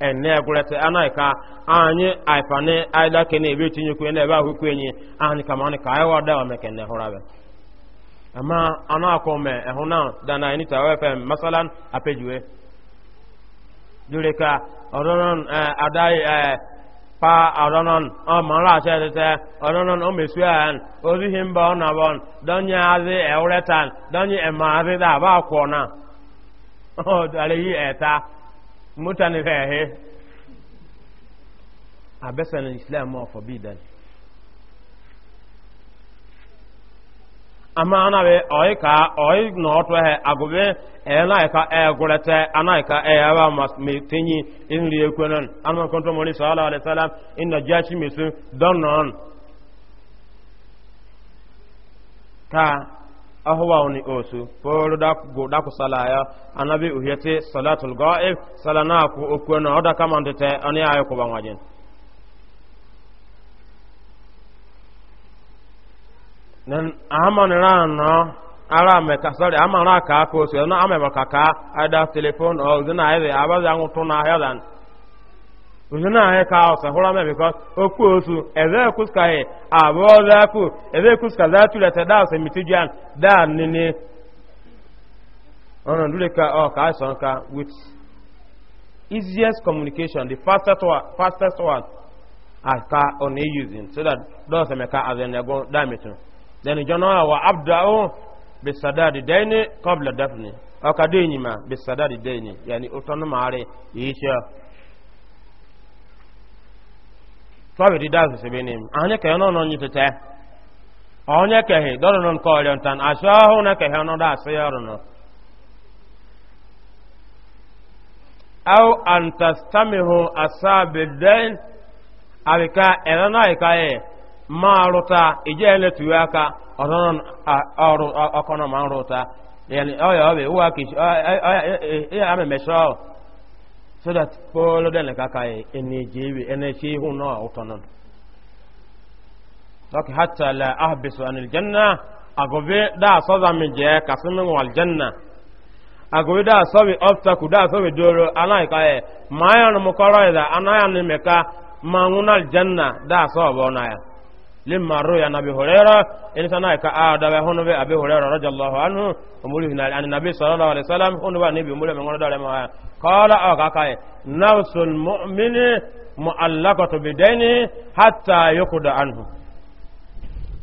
ene gurete anaika anyi aifane aida ebe otu ku na ebe enyi anyị kama ka ayewa dawa meke ne horabe amma ana ko me ehuna dana ni tawe fm masalan apejuwe dureka oronon eh, adai eh, pa oronon o mara asete oronon o mba da o dare eta mutane ehe a islam ma forbidan amma ana be ɔyi ka ɔyi nɔɔtɔ hɛ agobe ɛyɛ na yi ka ɛyɛ gɔlɛtɛ ana yi ka ɛyɛ ma me tenyi in liye kwenan ana kɔntɔ mɔni sɔhala alayhi salam in na jaaci dɔn nɔn ka ahuwa ni osu foro da go da ku salaya anabi uhiyati salatul ghaib salana ku okuna oda kama ndete ani ayo ko banwajin nan aman rana ara me ka sorry aman ra ka ko so na ame ka ka ada telephone o zina ayi abaza ngutu na hayan onyonyo ahụ ka ọsọ hụrụ ama bikọ okwu osu eze ekuska hị abụọ zaku eze ekuska za tulete da ọsọ mitijuan da nini ọnọdụ dị ka with easiest communication the fastest one fastest one aka ọ na-eyuzin so that dọọsọ meka azịnago damitu then jọnọ awa abdao bisadadi deni kọbla dafni ọka dị enyima bisadadi deni yani ụtọ nnụmari yi ihe sọọbì dídá àṣìṣe ní mu àwọn ọnụ ọ̀nà ọ̀nà tẹtẹ ọ̀hún ẹkẹ hì dọ́dọ̀ nù kọ́ ọ̀rẹ́ ntàn àṣọ ọ̀hún ẹkẹ hì ọ̀nà dàṣẹ ọ̀rọ̀ nù. antastamihu asabidɛn abika ɛnɛ náà yìí máa máa so that kpolo dene kaka ye ene jewi ene shehu no otonon donc hatta la ahbisu anil janna agobe da soza mi je kasimi wal janna agobe da sobi obstacle da sobi doro anai ka ye maya no mukoro ida e anaya ni meka mangunal janna da sobo na ya limma ruya nabi hurairah in sana ka ada be hono be abi hurairah radiyallahu anhu umuri hinal an nabi sallallahu alaihi wasallam hono ba nabi umuri me ngoro dare ma kọ́lá ọ̀gá káyẹ̀ nafsul mu'mini mu'allakatu bidaini hatta yukuda anhu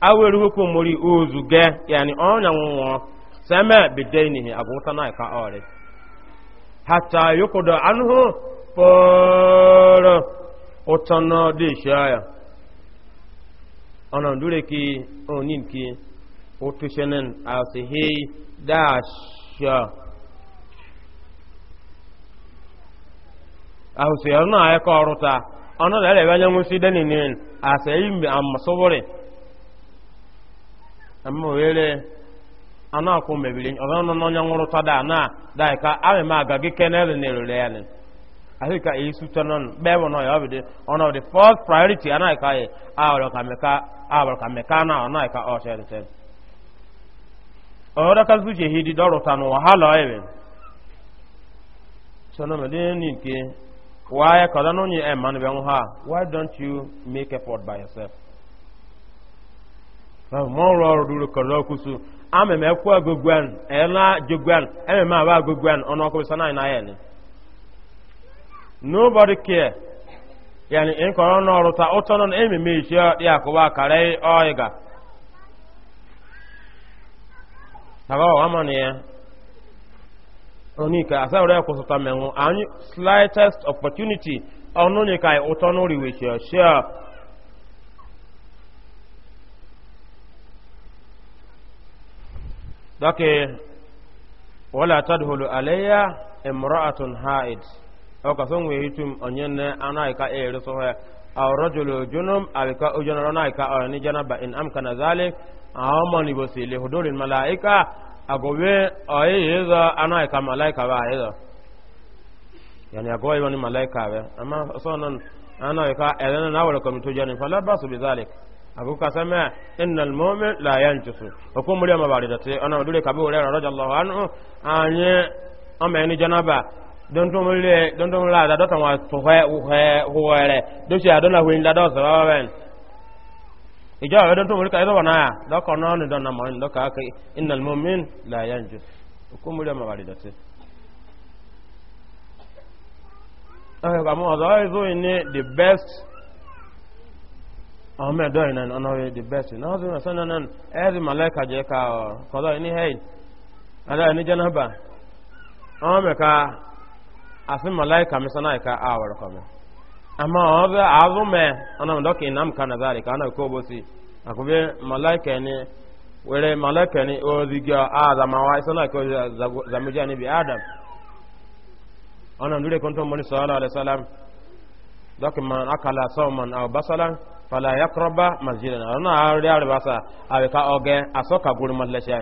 awere hukum mori ozu ge yani onya nwo seme bidaini agwuta na ka ore hatta yukuda anhu poro otono de shaya ona ndure ki onin ki otushenen asihi dash ahụsi ọrụ na ayọkọ ọrụ taa ọnụ na ebe anya nwụsị deninin asa eyi mgbe amasọbụrị ama ohere anụ akwụ mebiri ọzọ nọ n'ọnya nwụrụ tada na daika amị ma aga gị kenel na-erere ya ni ahụ ka eyi sucha nọ mgbe bụ ya ọbịdị ọnụ ọdị first priority anaghịka ahụ aghọrọ ka meka aghọrọ ka meka na ọnaghịka ọchịrịtị ọrụ ka zuche hidi dọrụta n'ụwa ha lọọ ebe sọ na mmadụ nke Why, eh, why don't you make effort by yourself? mọrụ ọrụ why don't you make effort by ena nobody care yani in n'ọrụ ta ụtọ nọ ememe isi ya akụwa ọyịga na ya Oni onika asawura ya kusa tamengu any slightest opportunity ononika ya utono riwechia share dake wala tadhulu alayya imra'atun ha'id O ka son weyi tum onyen ana ka e aw rajulu junum aw ujana na ka ni janaba in amkana zalik aw man bosile hudulil malaika agobe oyi yezo ana ka malaika ba yezo yani agobe wani malaika ba amma sonon ana ka elena na wala komito jani fala basu bi zalik abu kasama innal mu'min la yanjusu hukum muri ma bari date ana dole ka bi wala radiyallahu anhu anye ameni janaba don to mulle don to la da dota wa to he u he huwere do shi adona huin da do sababen ìjọ àwọn tó mọ̀rí ká ẹ̀dọ́ náà lọ́kọ̀ náà ní dọ́nà mọ̀rin lọ́kọ̀ ákẹ́ iná mọ́mìn láyé ọmọ àbàdì dọ̀tí. ọ̀hẹ́ ọ̀dọ́ ìzó ní the best amma obe azume ana doki nam kana zalika ana ko bosi akube malaika ne were malaika ne o diga adama wa isala ko zamuja ne bi adam ana ndure konto moni sallallahu alaihi wasallam doki man akala sawman aw basala fala yaqraba masjidan ana ari ari basa awe ka oge asoka guri mallasha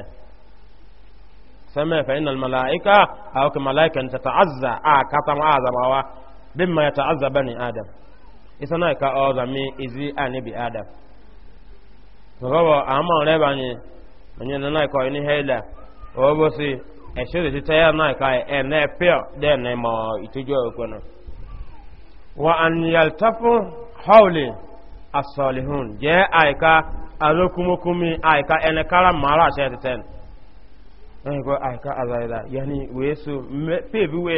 sama fa innal malaika aw ka malaika tata'azza a katama azama mimma yata'azza bani adam isana ka oza mi izi ani bi adam gogo ama re bani onye na na ko ni hela obo si e shede ti taya na ka e na pio de na mo itujo ko na wa an yaltafu hawli as-salihun je aika alokumukumi aika ene kala mara shete ten ko aika azaida yani wesu pe bi we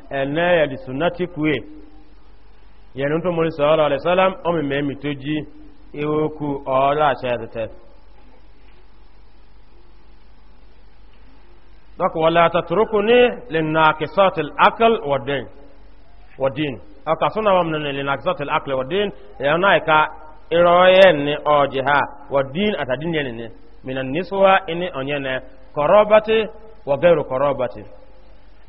ene ya di sunnati kuwe yẹnu tó mọ́rí sọ́ọ́lọ́ alẹ́sọ́lám ọmọ mẹ́mí tó jí ewoku ọ̀ọ́lá àṣẹ ẹ̀tẹ̀tẹ̀ dọ́kọ̀wọ́lá tàtùrùkù ní lẹ́nàkìsọ́tìl akẹ́l wọ̀dín ọkà súnà wọn nínú lẹ́nàkìsọ́tìl akẹ́l wọ̀dín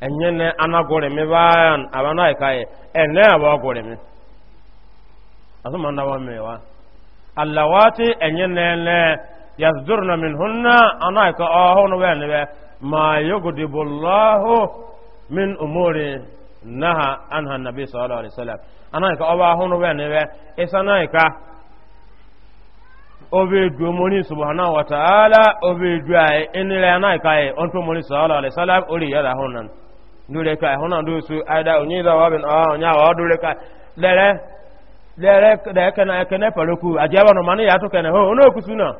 enye ne anagore me bayan abana ikaye ene abagore me asuma na wa mewa allawati enye ne ne yasdurna minhunna anaka ahono wene be ma yughdibu min umuri naha anha nabi sallallahu alaihi wasallam anaka isanaika obe du moni subhanahu wa ta'ala obe du ay anaka onto moni sallallahu alaihi wasallam yara honan dure kai e hona do su ada onye da wa bin ah onya wa dure kai lere lere da yake na no mani ya to kene. ho ono kusuna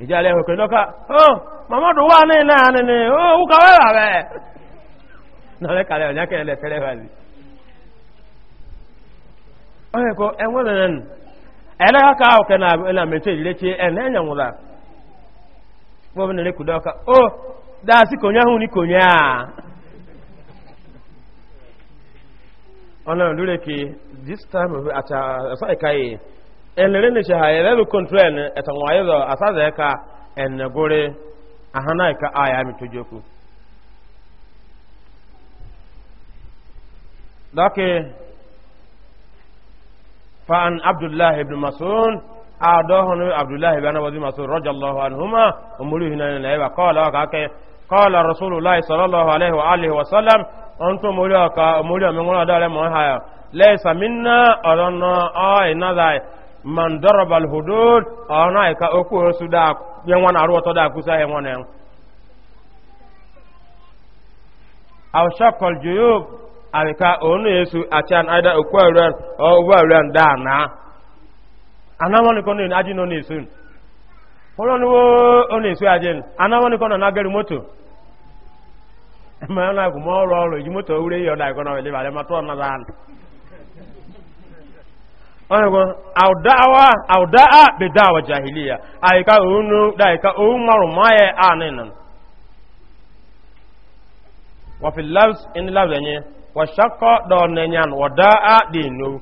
ijale ho kendo ka ho mama do wa ne na ne ne o u ka wa na le kale onya ke le sere wa ni o ko enwe nen ha ka o kene na meche ile ene nya nwura bo ne le o dáàsí kònyá hùn ní kònyá ọ̀nà lórí kí this time àti ẹ̀sọ́ ìka yìí ẹ̀lẹ́rẹ́ ní ṣe àyẹ̀lẹ́rù control ẹ̀tàwọn ayẹ́lọ àsáàzẹ̀ ẹ̀ka ẹ̀nẹ̀górí àhánà ìka àyà mi tó jókòó لكن فعن عبد الله بن adọ́hùn abdullahi bẹ́ẹ̀ náwó zimaso rọ́jàlọ́hu anhuma omori hinani na ẹ̀wà kọ́ọ̀lá ọ̀ka kẹ́ kọ́ọ̀lá rasulillah sallallahu Alaihi wa alihi wa sallam tó omori ọ̀ka omori ọ̀mẹ́wọ́n ọ̀dọ́ rẹ̀ mọ̀ ń minna ọ̀dọ́ náà ọ̀ ìnáda hudud anamonikon aji nọ na-eso ụlọ nwo ọ na-eso aji anamonikon na agari moto ma na agụ ma ọrụ ọrụ eji moto owure ihe ọ na-agụ na ọlịba alị matụ ọnada ahụ ọnụgụ audawa audaa bedawa ya. ayika onu daika owu marụ maye anin wa fil lafz in lafz enye wa shaqqa dawnan yan wa daa dinu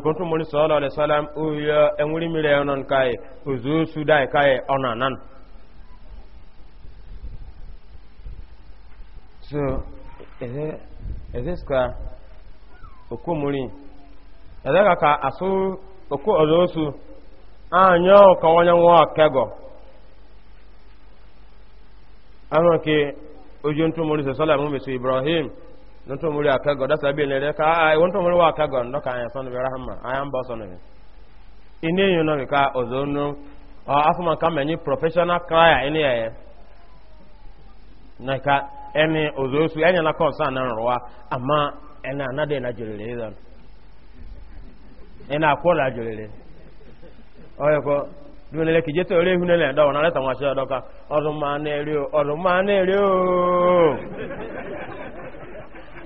kuntu muni sallallahu alaihi wasallam o ya enwuri mire yonon kai onanan so eze eze ska okomuri eze ka ka asu oku ozosu anyo ka wonya anyanwụ kego ano ke muni sallallahu alaihi wasallam ibrahim N'otu muri akago da sabi ne ka ai wonto muri wa ka ya sonu rahma ayam ba sonu ni ine yin Ị ka ozono a ah, afuma ka menyi professional crier ine ya na ka ene ozosu enya na concern na ruwa amma ena anade na a don ena akola jirele ọdún na eri o ọdún na eri o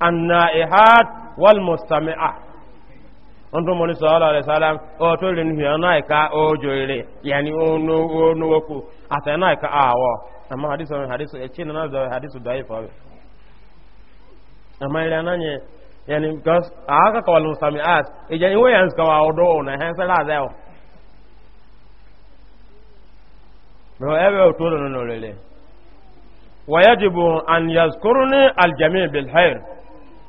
annaihat wal mustami'a onto mo ni sallallahu alaihi wasallam o to le ni ana o joire yani o no no woku atana ka awo amma hadith on hadith e chin na da hadith daif awe amma ila nanye yani gas aga ka wal mustami'at e jani we yans ka wa odo na han sala da o no ebe o to no no lele ويجب أن يذكرني الجميع بالخير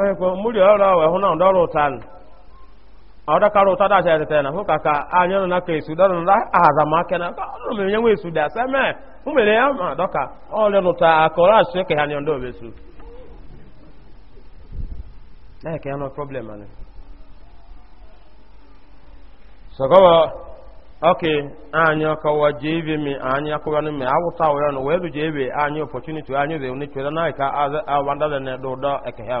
onye kwa mmiri ọrụ ọrụ hụ ọrụ ndị ọrụ ụtan ọrụ ụta ọrụ etete ọrụ hụ ọrụ anya ọrụ na ọrụ esu ọrụ na ọrụ ọrụ ọrụ mere ọrụ ọrụ ọrụ ya dọka ọrụ nụta anyị mi anyị mi awụta nụ wee bụ anyị anyị na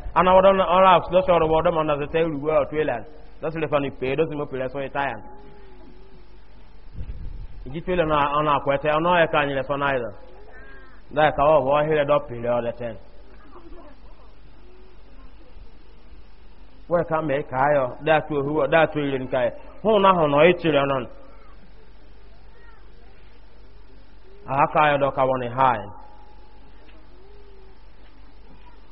ana wadon na ora so so ro wadon man da tay ruwa o twelan da se le fani pe do se mo pele so itayan ji twela na ana kwete ana ya ka ni le fana Ndị da ka wa wa hele do pele o le ten we ka ị ka yo da atụ huwa da tu ile ni kai ho na ho no e tire non aka yo do ka woni hai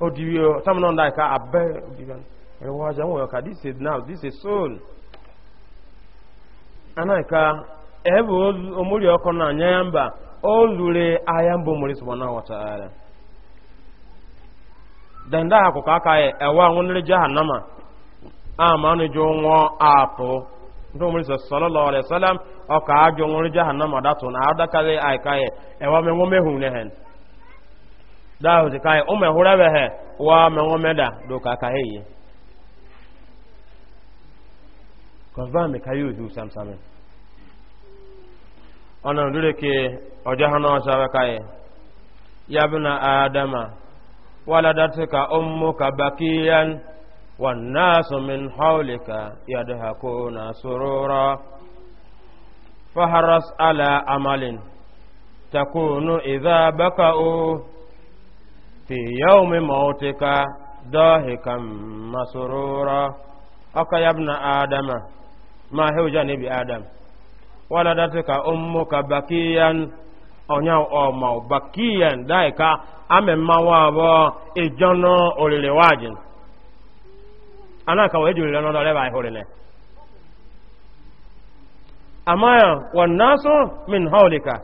odiyo tamu non dai ka abbe odiyo e waja mo ka this is now this is soon anaika ebo omuri oko na ya mba o lure anya mbụ mụrụ nyamba olure ayambo muri subhanahu wa ta'ala dan da ko ka ka e wa wonre jahannama amanu jo nwo ato ndo muri sallallahu alaihi wasallam o ka ajo wonre jahannama datu na adakale aikaye e wa me ngome hunehen dahu zikai ume hurebe he wa mengomeda doka kaheye kọfà mi ka yóò dùn sàmsàmì ọ̀nà ìdúró ke ọjọ́ hàn náà sábà káyẹ yabina adama waladatuka ummuka bakiyan wan nasu min hawlika yadhakuna surura faharas ala amalin takunu idha baka'u ka fi yawmi mautika dahikan masurura aka na adama ma hewja ne bi adam ka waladatika ummuka bakiyan onya ọmọ bakiyan daika amemma wa bọ ijọna olile wajin anaka wee julile n'ọdọ leba ihuri ne amaya wannasu min haulika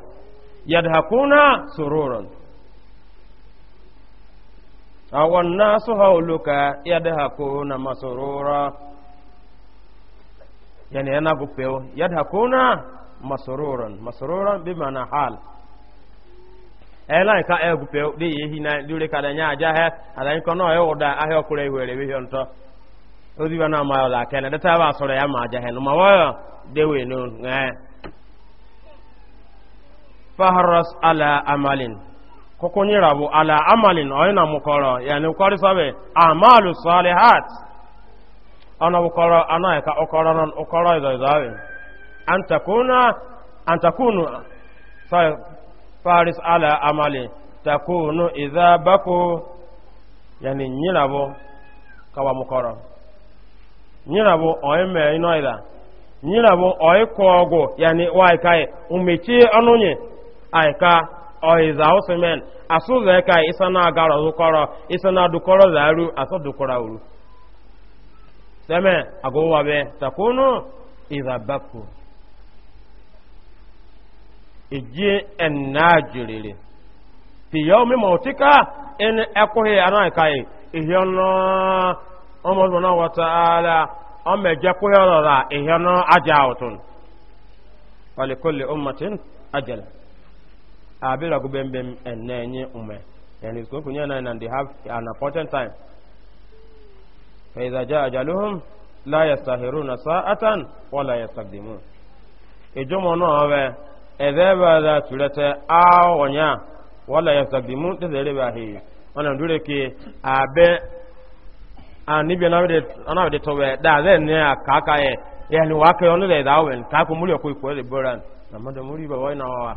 yadhakuna sururun والناس حولك oloka مسرورا يعني أنا أقول يضحكون مسرورا مسرورا بمعنى حال ɛlan ka ɛgu pɛw de yehi na dure ka da nya aja hɛ ala nkɔ na ɔyɛ ɔda ahɛ ɔkura ihu ɛrɛ bi hɛ ntɔ ozi ba na ma ɔla kɛ na dɛtɛ ba sɔrɔ ya ma aja hɛ no ma wɔyɔ dewe ala amalin hukunyi rabu ala amalin na mukoro yani ukori sabe amalu salihat ana ukoro ana ka ukoro non ukoro antakunu faris ala amali takunu idha baku yani nyirabo kawa mukoro Nyere oyime ino ida ogu yani aika usimen asụ zai ka ịsa na agara zukọrọ ịsa na dukọrọ zaru asụ dukọrọ uru sẹmẹ agowa bẹ takunu izabaku ije ẹnna jiriri fiyọ mi mọtika ẹni ẹkọhẹ anáà káyẹ ìhẹ náà ọmọdún náà wọta ala ọmọ ẹjẹ kọhẹ rọra ìhẹ náà ajá ọtún wàlíkọlẹ ọmọtin ajẹlẹ. abira go bem bem enenye ume yani is going to and they have an important time fa ajaluhum la yastahiruna sa'atan wa la yastaqdimun no da yastaqdimun ba he ona ke abe na ona to we da ze ne akaka ye yani le ka ko ko ko le boran na muri ba wa wa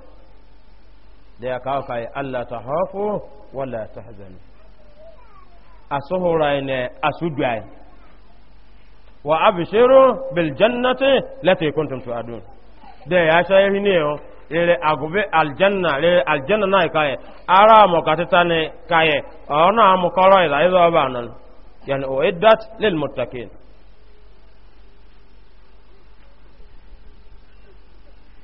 da ya kawo kai Allah ta hafu wala ta hazani a suhura ne a sudwai wa abishiru bil jannati lati kuntum tu'adun da ya shayi ne yo rere agube aljanna rere aljanna na kaye ara mo katita ne kaye ona mo koro ila izo ba nan yani o iddat lil muttaqin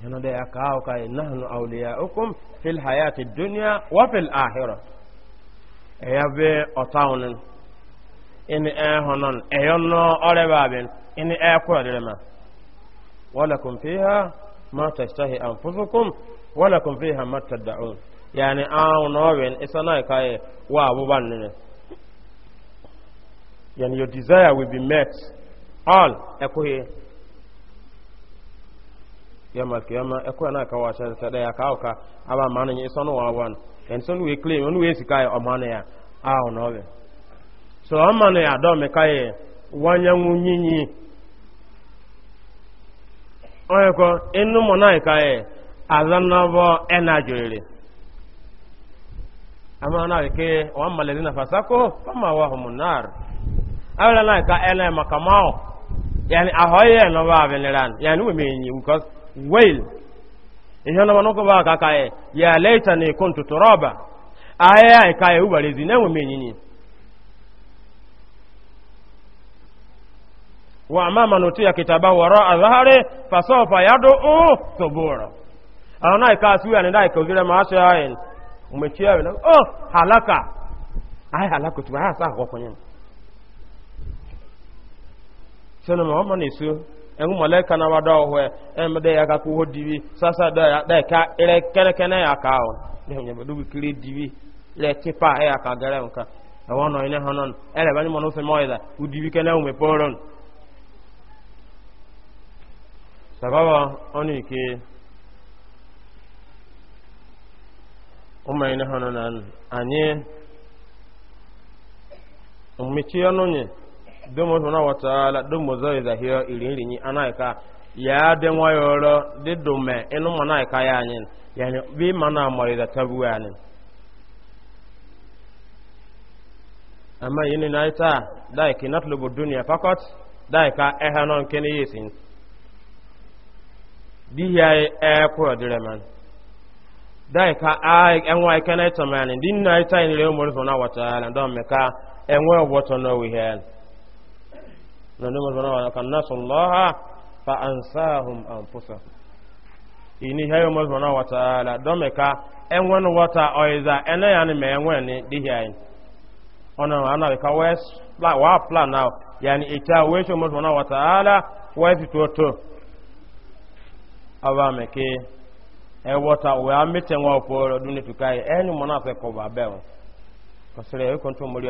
ana da ya kawo kai nahnu awliyaukum fil hayati dunya wa fil akhirah ya be otawun in e honon e yonno ore babin in e ko direma walakum fiha ma tashtahi anfusukum walakum fiha ma tad'un yani aw nowen isana kai wa abuban ne yani your desire will be met all yama kiyama ekwa na ka wa shan sada ya kawo ka aba mana ni sonu wa wan en sonu we claim sika ya omana ya a ono be so omana ya do me kai wanya nyinyi oye ko enu mo na kai ama na ka makamao nyi wail ihana manoko ba kakaye ya laita ne kuntu turaba aya ya kaye ubarezi ne mu menyinyi wa amama ya kitaba wara dhahari fasofa yadu thubura ana ikasu ya ndai kuzile maasha yayin umechia e, wewe oh halaka aya halaka tu aya saa kwa kwenye sana mama nisu ehu malaika na ba dawo hwe ya ka ku hodiwi sasa da ya da ka ire kene kene ya ka o de nyebe du kire diwi le tipa e ya ka gere nka e wono ine honon ele ba ni mo no fe moida u diwi kene u me poron sababa oni ke ụmụ ine honon anyị mmechi ọnụ nye domo sona wataala domo zoi zahio ilinrinyi anaika ya de nwayoro de dome enu manaika ya anyin yani bi mana mari da tabu anin amma yini na ita dai ki natlubu dunya fakat dai ka ehanon kene yesin di ya e ko direman dai ka ai enwa kene tamanin din na ita ni le mo sona wataala don me ka enwe oboto no we here na mọ̀sánà wà ka náà sùn lọ́ha fa an sáhùn an fusa ìní hẹ́yọ mọ̀sánà wà tààlà dọ́mẹ̀ka ẹnwọ́n wọ́ta ọ̀ìzà ẹnẹ́ yà ni mẹ́ ni dìhì àyìn ọ̀nà àná ka wà pla náà yà ni ìta wẹ́ṣọ mọ̀sánà wà tààlà wẹ́ṣì tó tó ọba mẹ́kẹ́ ẹwọ́ta wẹ́ á mẹ́tẹ̀ wọn pọ̀ ọdún ní tùkáyì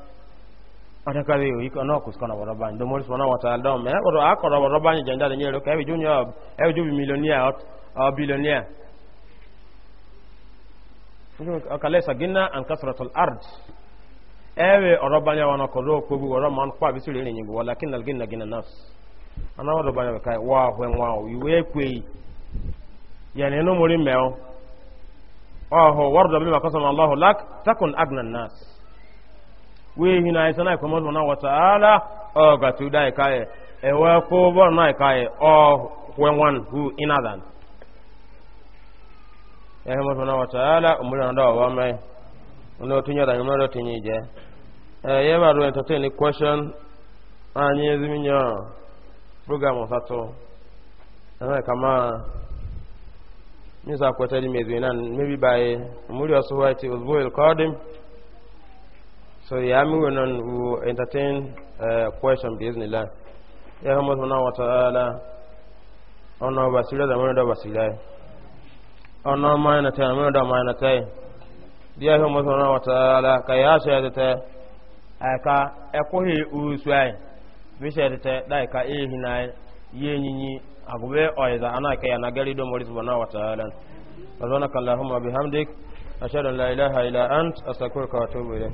atakale yo iko no kusikana barabani ndo mwalimu wana wataalamu me wado akora barabani janda le nyelo kabi junyo ebi jubi milionia ot a bilionia fujo akalesa gina an kasratul ard ewe orobanya wana kodo ko bu woro man kwa bisu le nyingu walakin al gina gina nafs ana wado banya kai wa hwe wa iwe kwei yani no mwalimu meo oho warda bima qasama allah lak takun agna nas wee hina isa na ikwamu subhanahu wa ta'ala o ga tu dai kai e wa ko bo na kai o ọ one who in other ya hema subhanahu wa ala umuri na dawa mai ono tunya da ngoro tinyi je eh ye ba ro entertain question anyi program osato na kama nisa kweteli mezi nan maybe umuri osuwa ti uzbu al so yami wenon we entertain uh, question biiznillah ya hama subhanahu wata ta'ala ona basira da mana da basira ona ma na ta mana da mana ta ya hama subhanahu wa ta'ala ka ya sha ta aka ekohi usai bi sha ta dai ka eh, hina na yenyinyi agube oiza anaka ya nagari do mori subhanahu wa ta'ala uh, subhanakallahumma bihamdik ashhadu an la ilaha illa ant astaghfiruka wa atubu